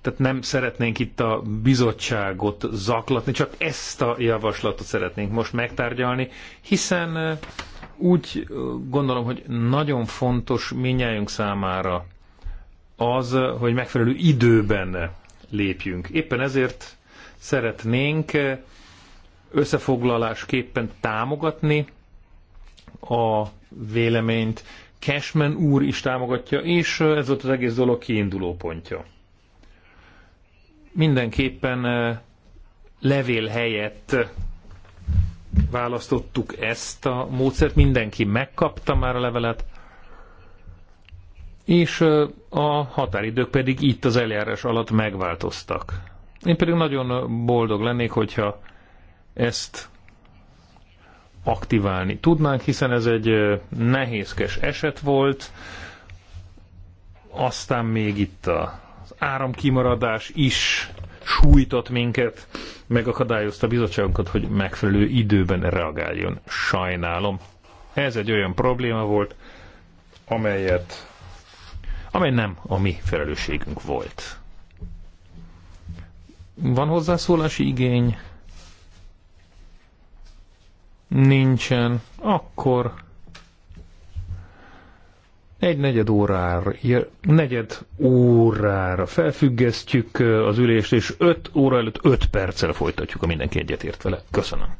Tehát nem szeretnénk itt a bizottságot zaklatni, csak ezt a javaslatot szeretnénk most megtárgyalni, hiszen úgy gondolom, hogy nagyon fontos minnyájunk számára, az, hogy megfelelő időben lépjünk. Éppen ezért szeretnénk összefoglalásképpen támogatni a véleményt. Cashman úr is támogatja, és ez volt az egész dolog kiinduló pontja. Mindenképpen levél helyett választottuk ezt a módszert, mindenki megkapta már a levelet, és a határidők pedig itt az eljárás alatt megváltoztak. Én pedig nagyon boldog lennék, hogyha ezt aktiválni tudnánk, hiszen ez egy nehézkes eset volt, aztán még itt az áramkimaradás is sújtott minket, megakadályozta a bizottságunkat, hogy megfelelő időben reagáljon. Sajnálom. Ez egy olyan probléma volt, amelyet amely nem a mi felelősségünk volt. Van hozzászólási igény? Nincsen. Akkor egy negyed órára, negyed órára felfüggesztjük az ülést, és 5 óra előtt 5 perccel folytatjuk, a mindenki egyetért vele. Köszönöm.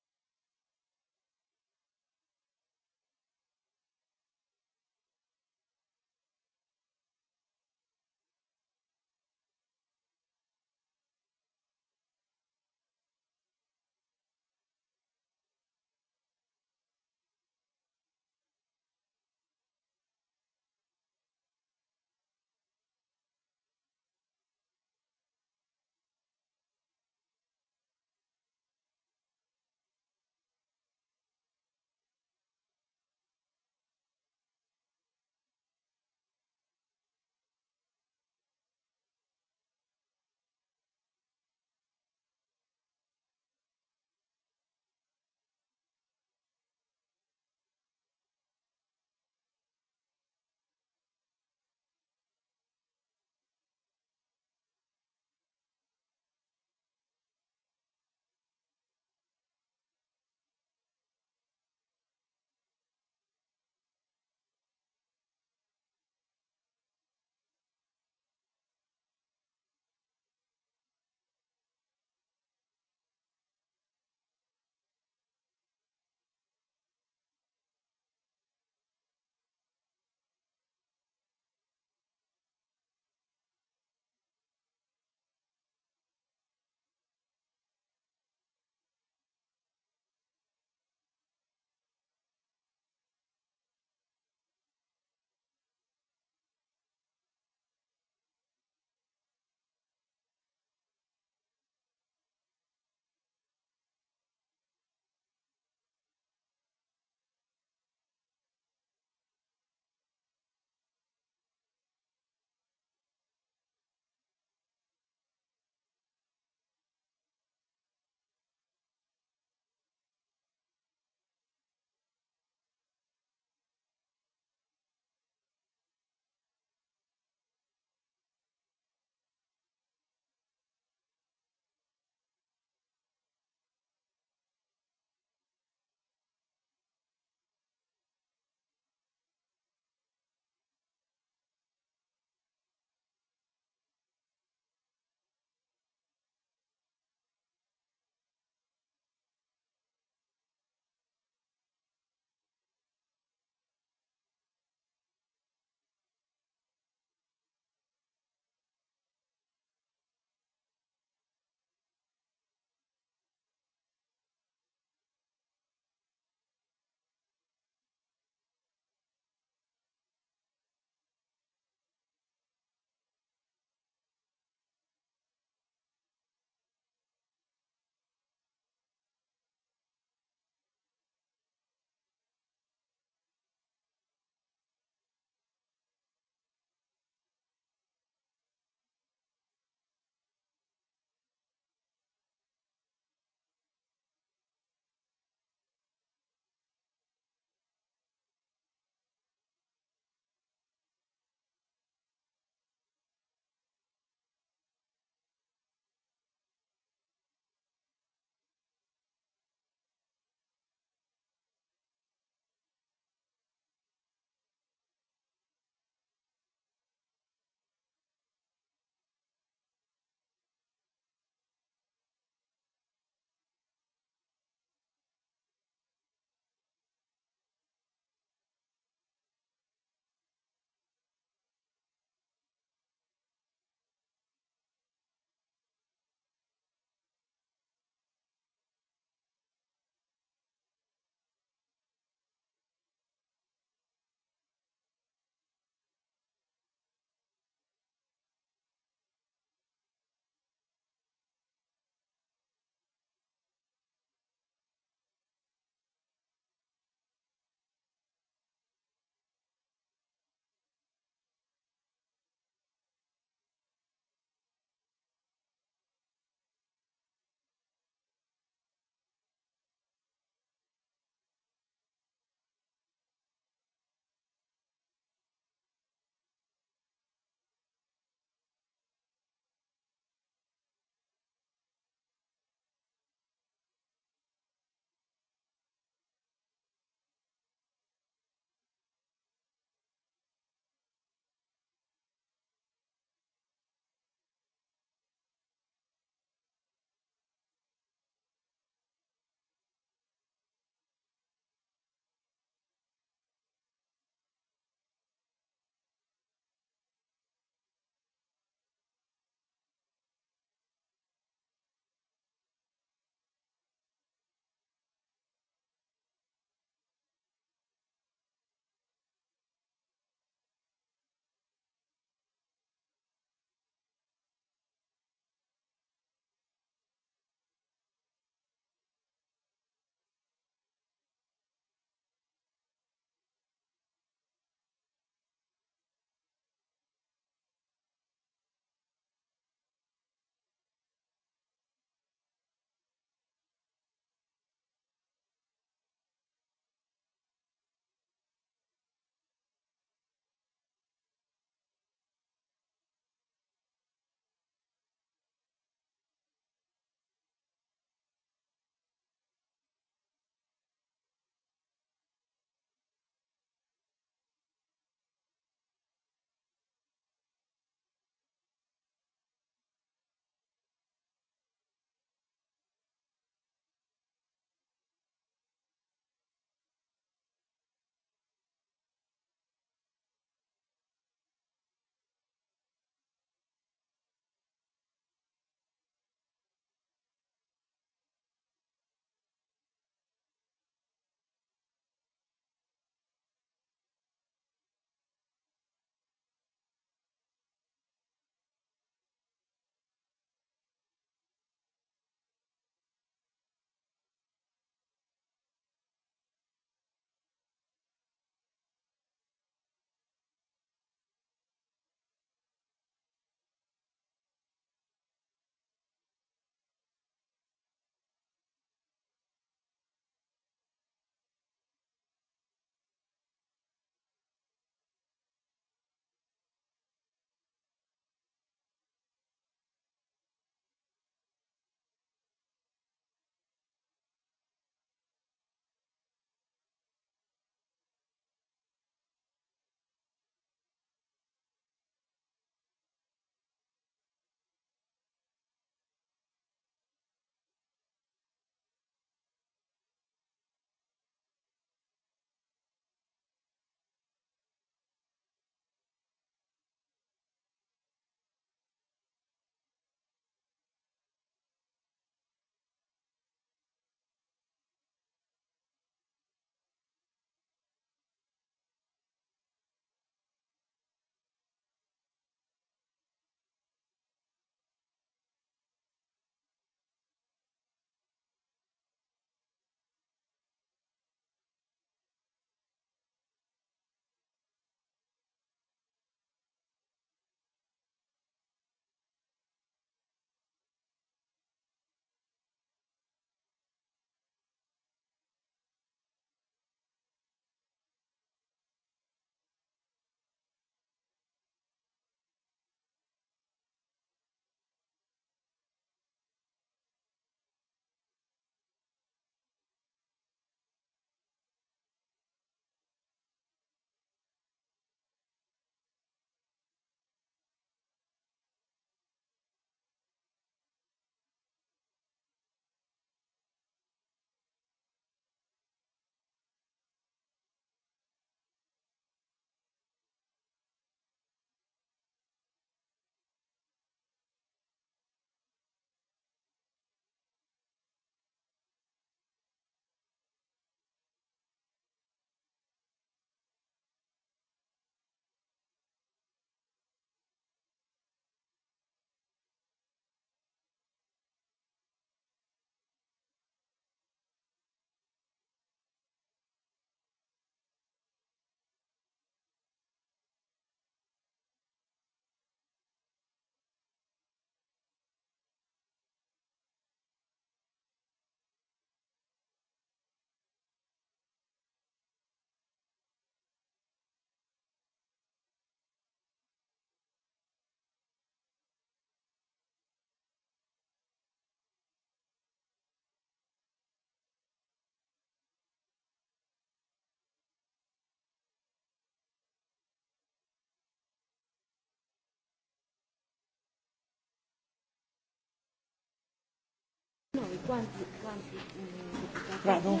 Quanti, quanti mh, mm, Vado?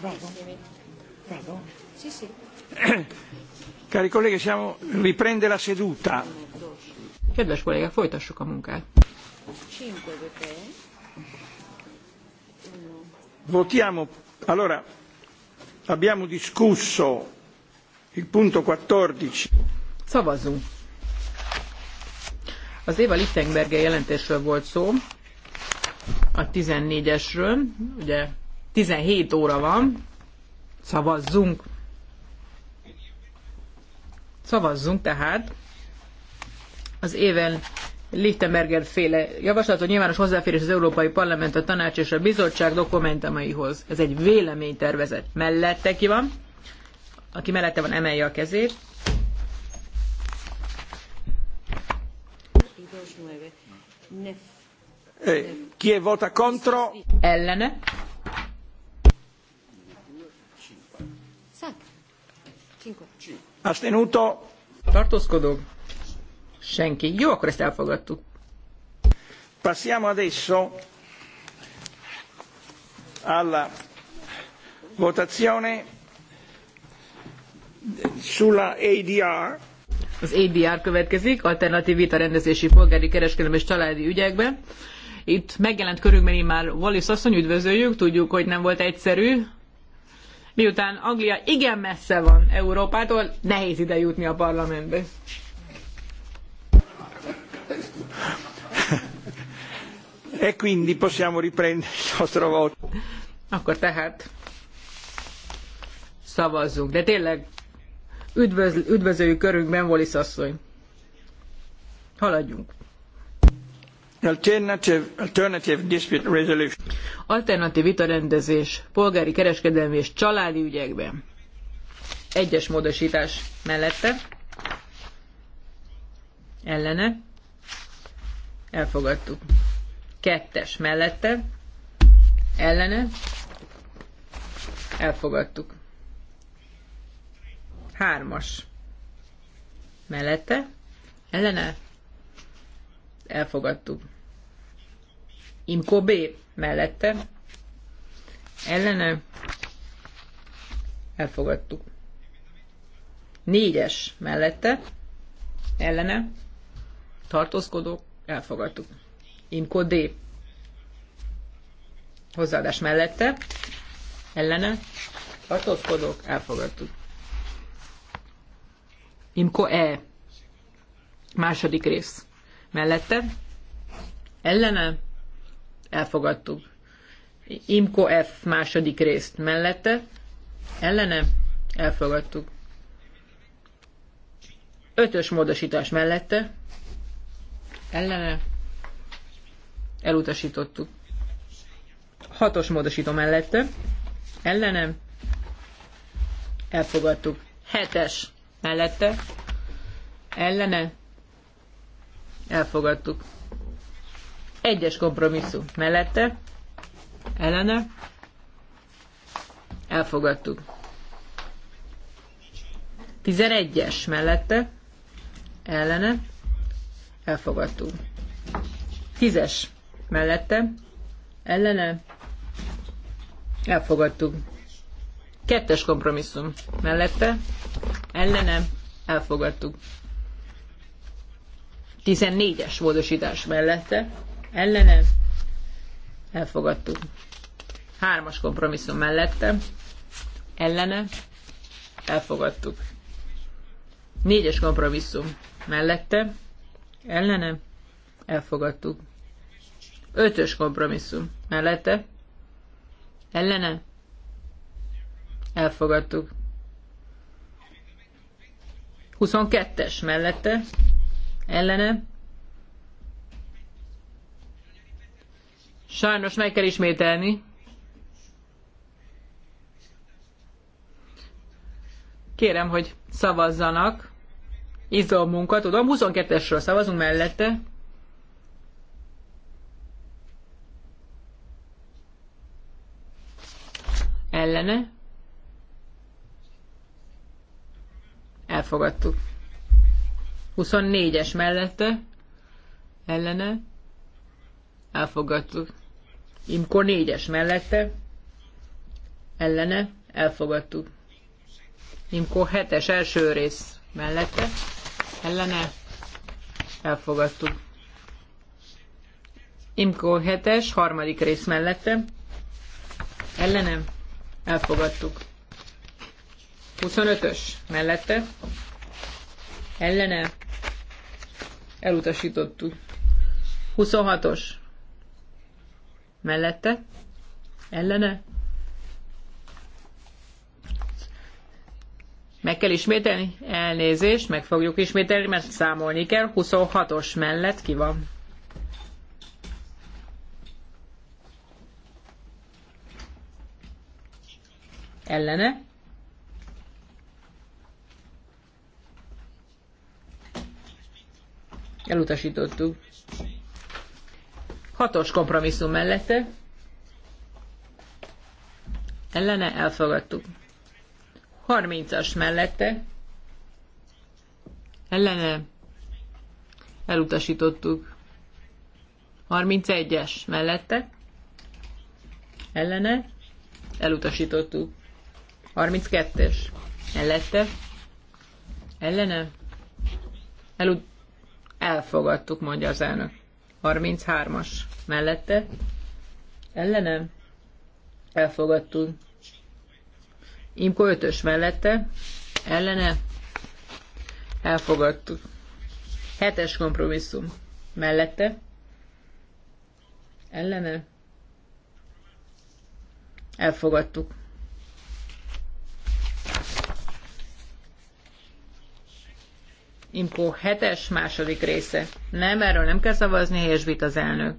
Vado? Vado? Sì, sì. <clears throat> Cari colleghi, siamo, riprende la seduta. Kedves kollégák, folytassuk a munkát. Votiamo. Allora, abbiamo discusso il punto 14. Szavazzunk. Az Éva Lichtenberger jelentésről volt szó, a 14-esről. Ugye 17 óra van, szavazzunk. Szavazzunk tehát az éven Lichtenberger féle javaslatot nyilvános hozzáférés az Európai Parlament, a Tanács és a Bizottság dokumentumaihoz. Ez egy véleménytervezet. Mellette ki van? Aki mellette van, emelje a kezét. Nef Eh, chi è vota contro? Ellene. Astenuto? Tartózkodó? Senki. Jó, akkor ezt elfogadtuk. Passiamo adesso alla votazione sulla ADR. Az ADR következik, alternatív vita rendezési polgári kereskedelmi és családi ügyekben. Itt megjelent körünkben már Wallis asszony, üdvözöljük, tudjuk, hogy nem volt egyszerű. Miután Anglia igen messze van Európától, nehéz ide jutni a parlamentbe. E quindi possiamo riprendere il nostro voto. Akkor tehát szavazzunk. De tényleg üdvözl, üdvözöljük körünkben Wallis asszony. Haladjunk. Alternative, alternative dispute resolution. Alternatív vitarendezés polgári, kereskedelmi és családi ügyekben. Egyes módosítás mellette. Ellene. Elfogadtuk. Kettes mellette. Ellene. Elfogadtuk. Hármas. Mellette. Ellene. Elfogadtuk Imko B mellette ellene elfogadtuk. Négyes mellette ellene Tartózkodó. elfogadtuk. Imko D hozzáadás mellette ellene tartózkodók elfogadtuk. Imko E második rész mellette ellene elfogadtuk. Imko F második részt mellette, ellene, elfogadtuk. Ötös módosítás mellette, ellene, elutasítottuk. Hatos módosító mellette, ellene, elfogadtuk. Hetes mellette, ellene, elfogadtuk. Egyes kompromisszum mellette, ellene, elfogadtuk. 11-es mellette, ellene, elfogadtuk. 10-es mellette, ellene, elfogadtuk. Kettes kompromisszum mellette, ellene, elfogadtuk. 14-es módosítás mellette, ellene elfogadtuk. Hármas kompromisszum mellette ellene elfogadtuk. Négyes kompromisszum mellette ellene elfogadtuk. Ötös kompromisszum mellette ellene elfogadtuk. 22-es mellette ellene Sajnos meg kell ismételni. Kérem, hogy szavazzanak. Izommunkat, tudom, 22-esről szavazunk mellette. Ellene. Elfogadtuk. 24-es mellette. Ellene. Elfogadtuk. Imko négyes mellette, ellene, elfogadtuk. Imko hetes első rész mellette, ellene, elfogadtuk. Imko hetes harmadik rész mellette, ellene, elfogadtuk. 25-ös mellette, ellene, elutasítottuk. 26-os mellette, ellene. Meg kell ismételni? Elnézést, meg fogjuk ismételni, mert számolni kell. 26-os mellett ki van? Ellene. Elutasítottuk. Hatos kompromisszum mellette. Ellene elfogadtuk. 30-as mellette. Ellene elutasítottuk. 31-es mellette. Ellene elutasítottuk. 32-es mellette. Ellene elut elfogadtuk, mondja az elnök. 33-as mellette Ellenem? Elfogadtunk. Imko 5-ös mellette ellene elfogadtuk. 7-es kompromisszum mellette ellene elfogadtuk. Imkó 7-es második része. Nem, erről nem kell szavazni, helyes vit az elnök.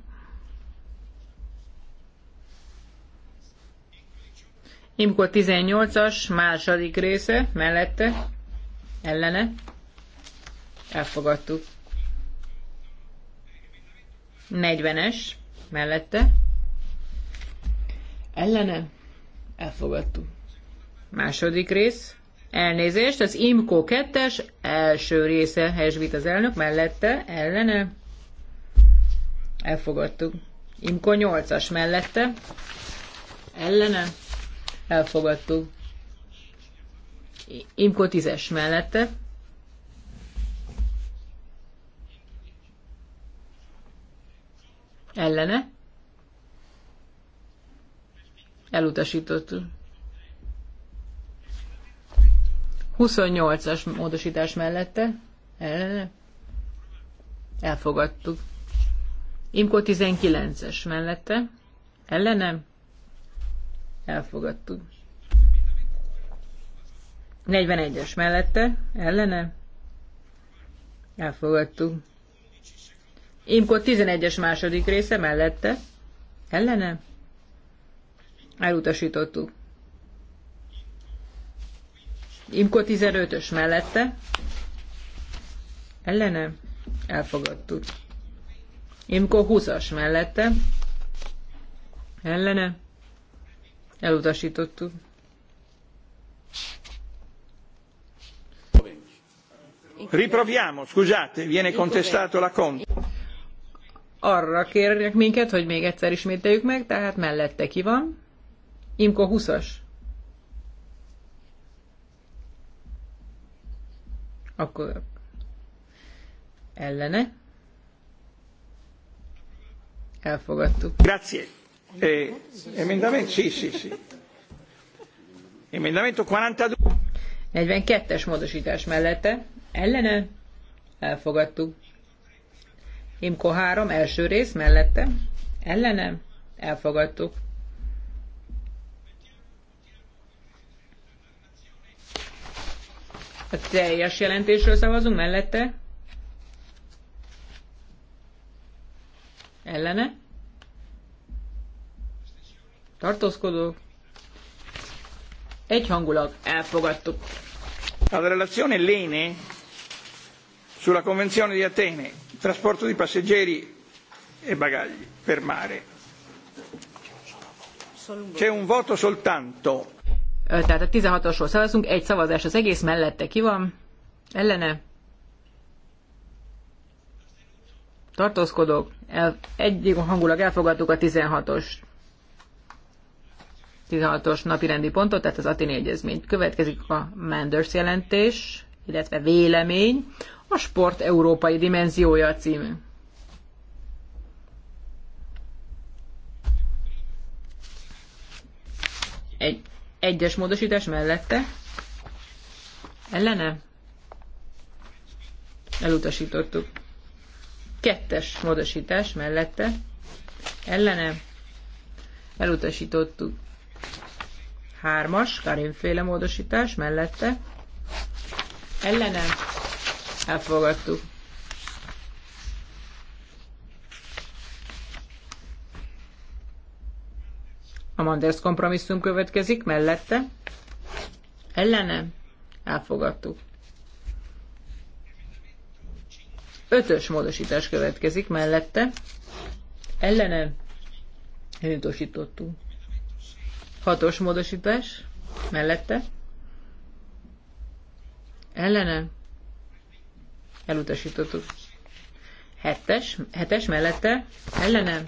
Imkó 18-as második része, mellette, ellene. Elfogadtuk. 40-es, mellette. Ellene. Elfogadtuk. Második rész, Elnézést, az IMCO 2-es első része helyesbít az elnök, mellette, ellene, elfogadtuk. IMCO 8-as mellette, ellene, elfogadtuk. IMCO 10-es mellette, ellene, elutasítottuk. 28-as módosítás mellette ellene elfogadtuk. Imko 19-es mellette ellene elfogadtuk. 41-es mellette ellene elfogadtuk. Imko 11-es második része mellette ellene elutasítottuk. Imko 15-ös mellette. Ellene? Elfogadtuk. Imko 20-as mellette. Ellene? Elutasítottuk. Riproviamo, scusate, viene contestato la cont. Arra kérnek minket, hogy még egyszer ismételjük meg, tehát mellette ki van. Imko 20-as. Akkor ellene. Elfogadtuk. Grazie. Eh, emendamento, sì, sì, sì. Emendamento 42. 42-es módosítás mellette. Ellene. Elfogadtuk. Imko 3 első rész mellette. Ellene. Elfogadtuk. A teljes jelentésről szavazunk mellette. Ellene. Tartózkodók. Egyhangulag elfogadtuk. A relazione Lene sulla Convenzione di Atene, trasporto di passeggeri e bagagli per mare. C'è un voto soltanto tehát a 16-osról szavazunk, egy szavazás az egész, mellette ki van, ellene, tartózkodok, el, egyik hangulag elfogadtuk a 16-os 16-os napi rendi pontot, tehát az Atini Egyezményt. Következik a Manders jelentés, illetve vélemény, a sport európai dimenziója című. Egy egyes módosítás mellette. Ellene? Elutasítottuk. Kettes módosítás mellette. Ellene? Elutasítottuk. Hármas, Karinféle módosítás mellette. Ellene? Elfogadtuk. A Manders kompromisszum következik, mellette. Ellene. Elfogadtuk. Ötös módosítás következik, mellette. Ellene. Elutasítottuk. Hatos módosítás, mellette. Ellene. Elutasítottuk. Hetes, hetes mellette. Ellene.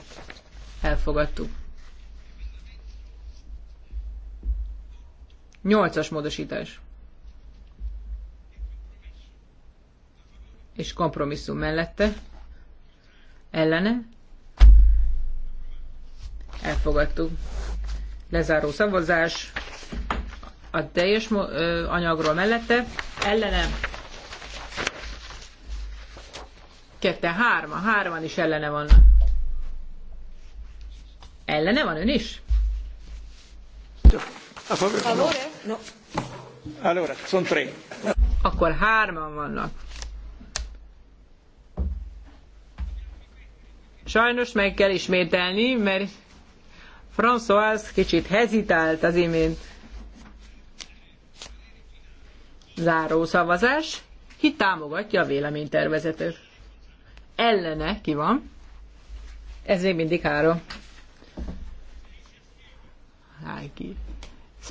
Elfogadtuk. Nyolcas módosítás. És kompromisszum mellette. Ellene. Elfogadtuk. Lezáró szavazás. A teljes anyagról mellette. Ellene. Kette hárma. Hárman is ellene van. Ellene van ön is? Tök. A favore? No. no. Allora, son tre. Akkor hárman vannak. Sajnos meg kell ismételni, mert François kicsit hezitált az imént. Záró szavazás. Ki támogatja a véleménytervezetet? Ellene ki van? Ez még mindig három. Háj ki.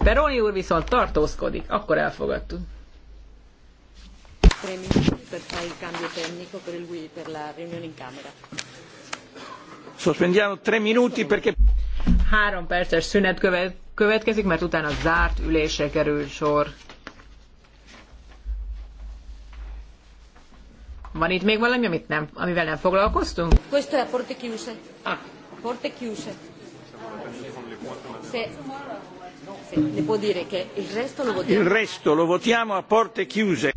Speroni úr viszont tartózkodik, akkor elfogadtuk. Három perces szünet következik, mert utána zárt ülésre kerül sor. Van itt még valami, amit nem, amivel nem foglalkoztunk? Questo è a porte chiuse. Ah. Porte chiuse. Se... Il resto lo votiamo a porte chiuse.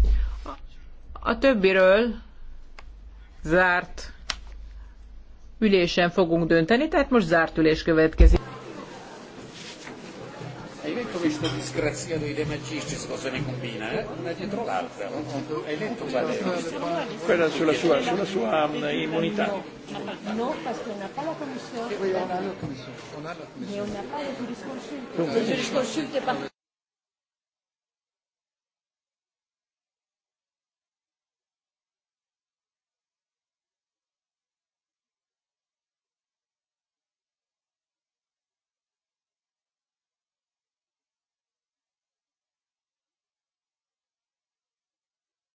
A többiről zárt ülésen fogunk dönteni, tehát most zárt ülés következik questa a dei De Magistris cosa ne combina? Eh? Una dietro l'altra. Hai letto qual è? Quella sulla sua, sulla sua um, immunità. No, parce qu'on n'a pas la commission. Oui, on a la commission. On a la commission. Mais on n'a pas le jurisconsulte. Le jurisconsulte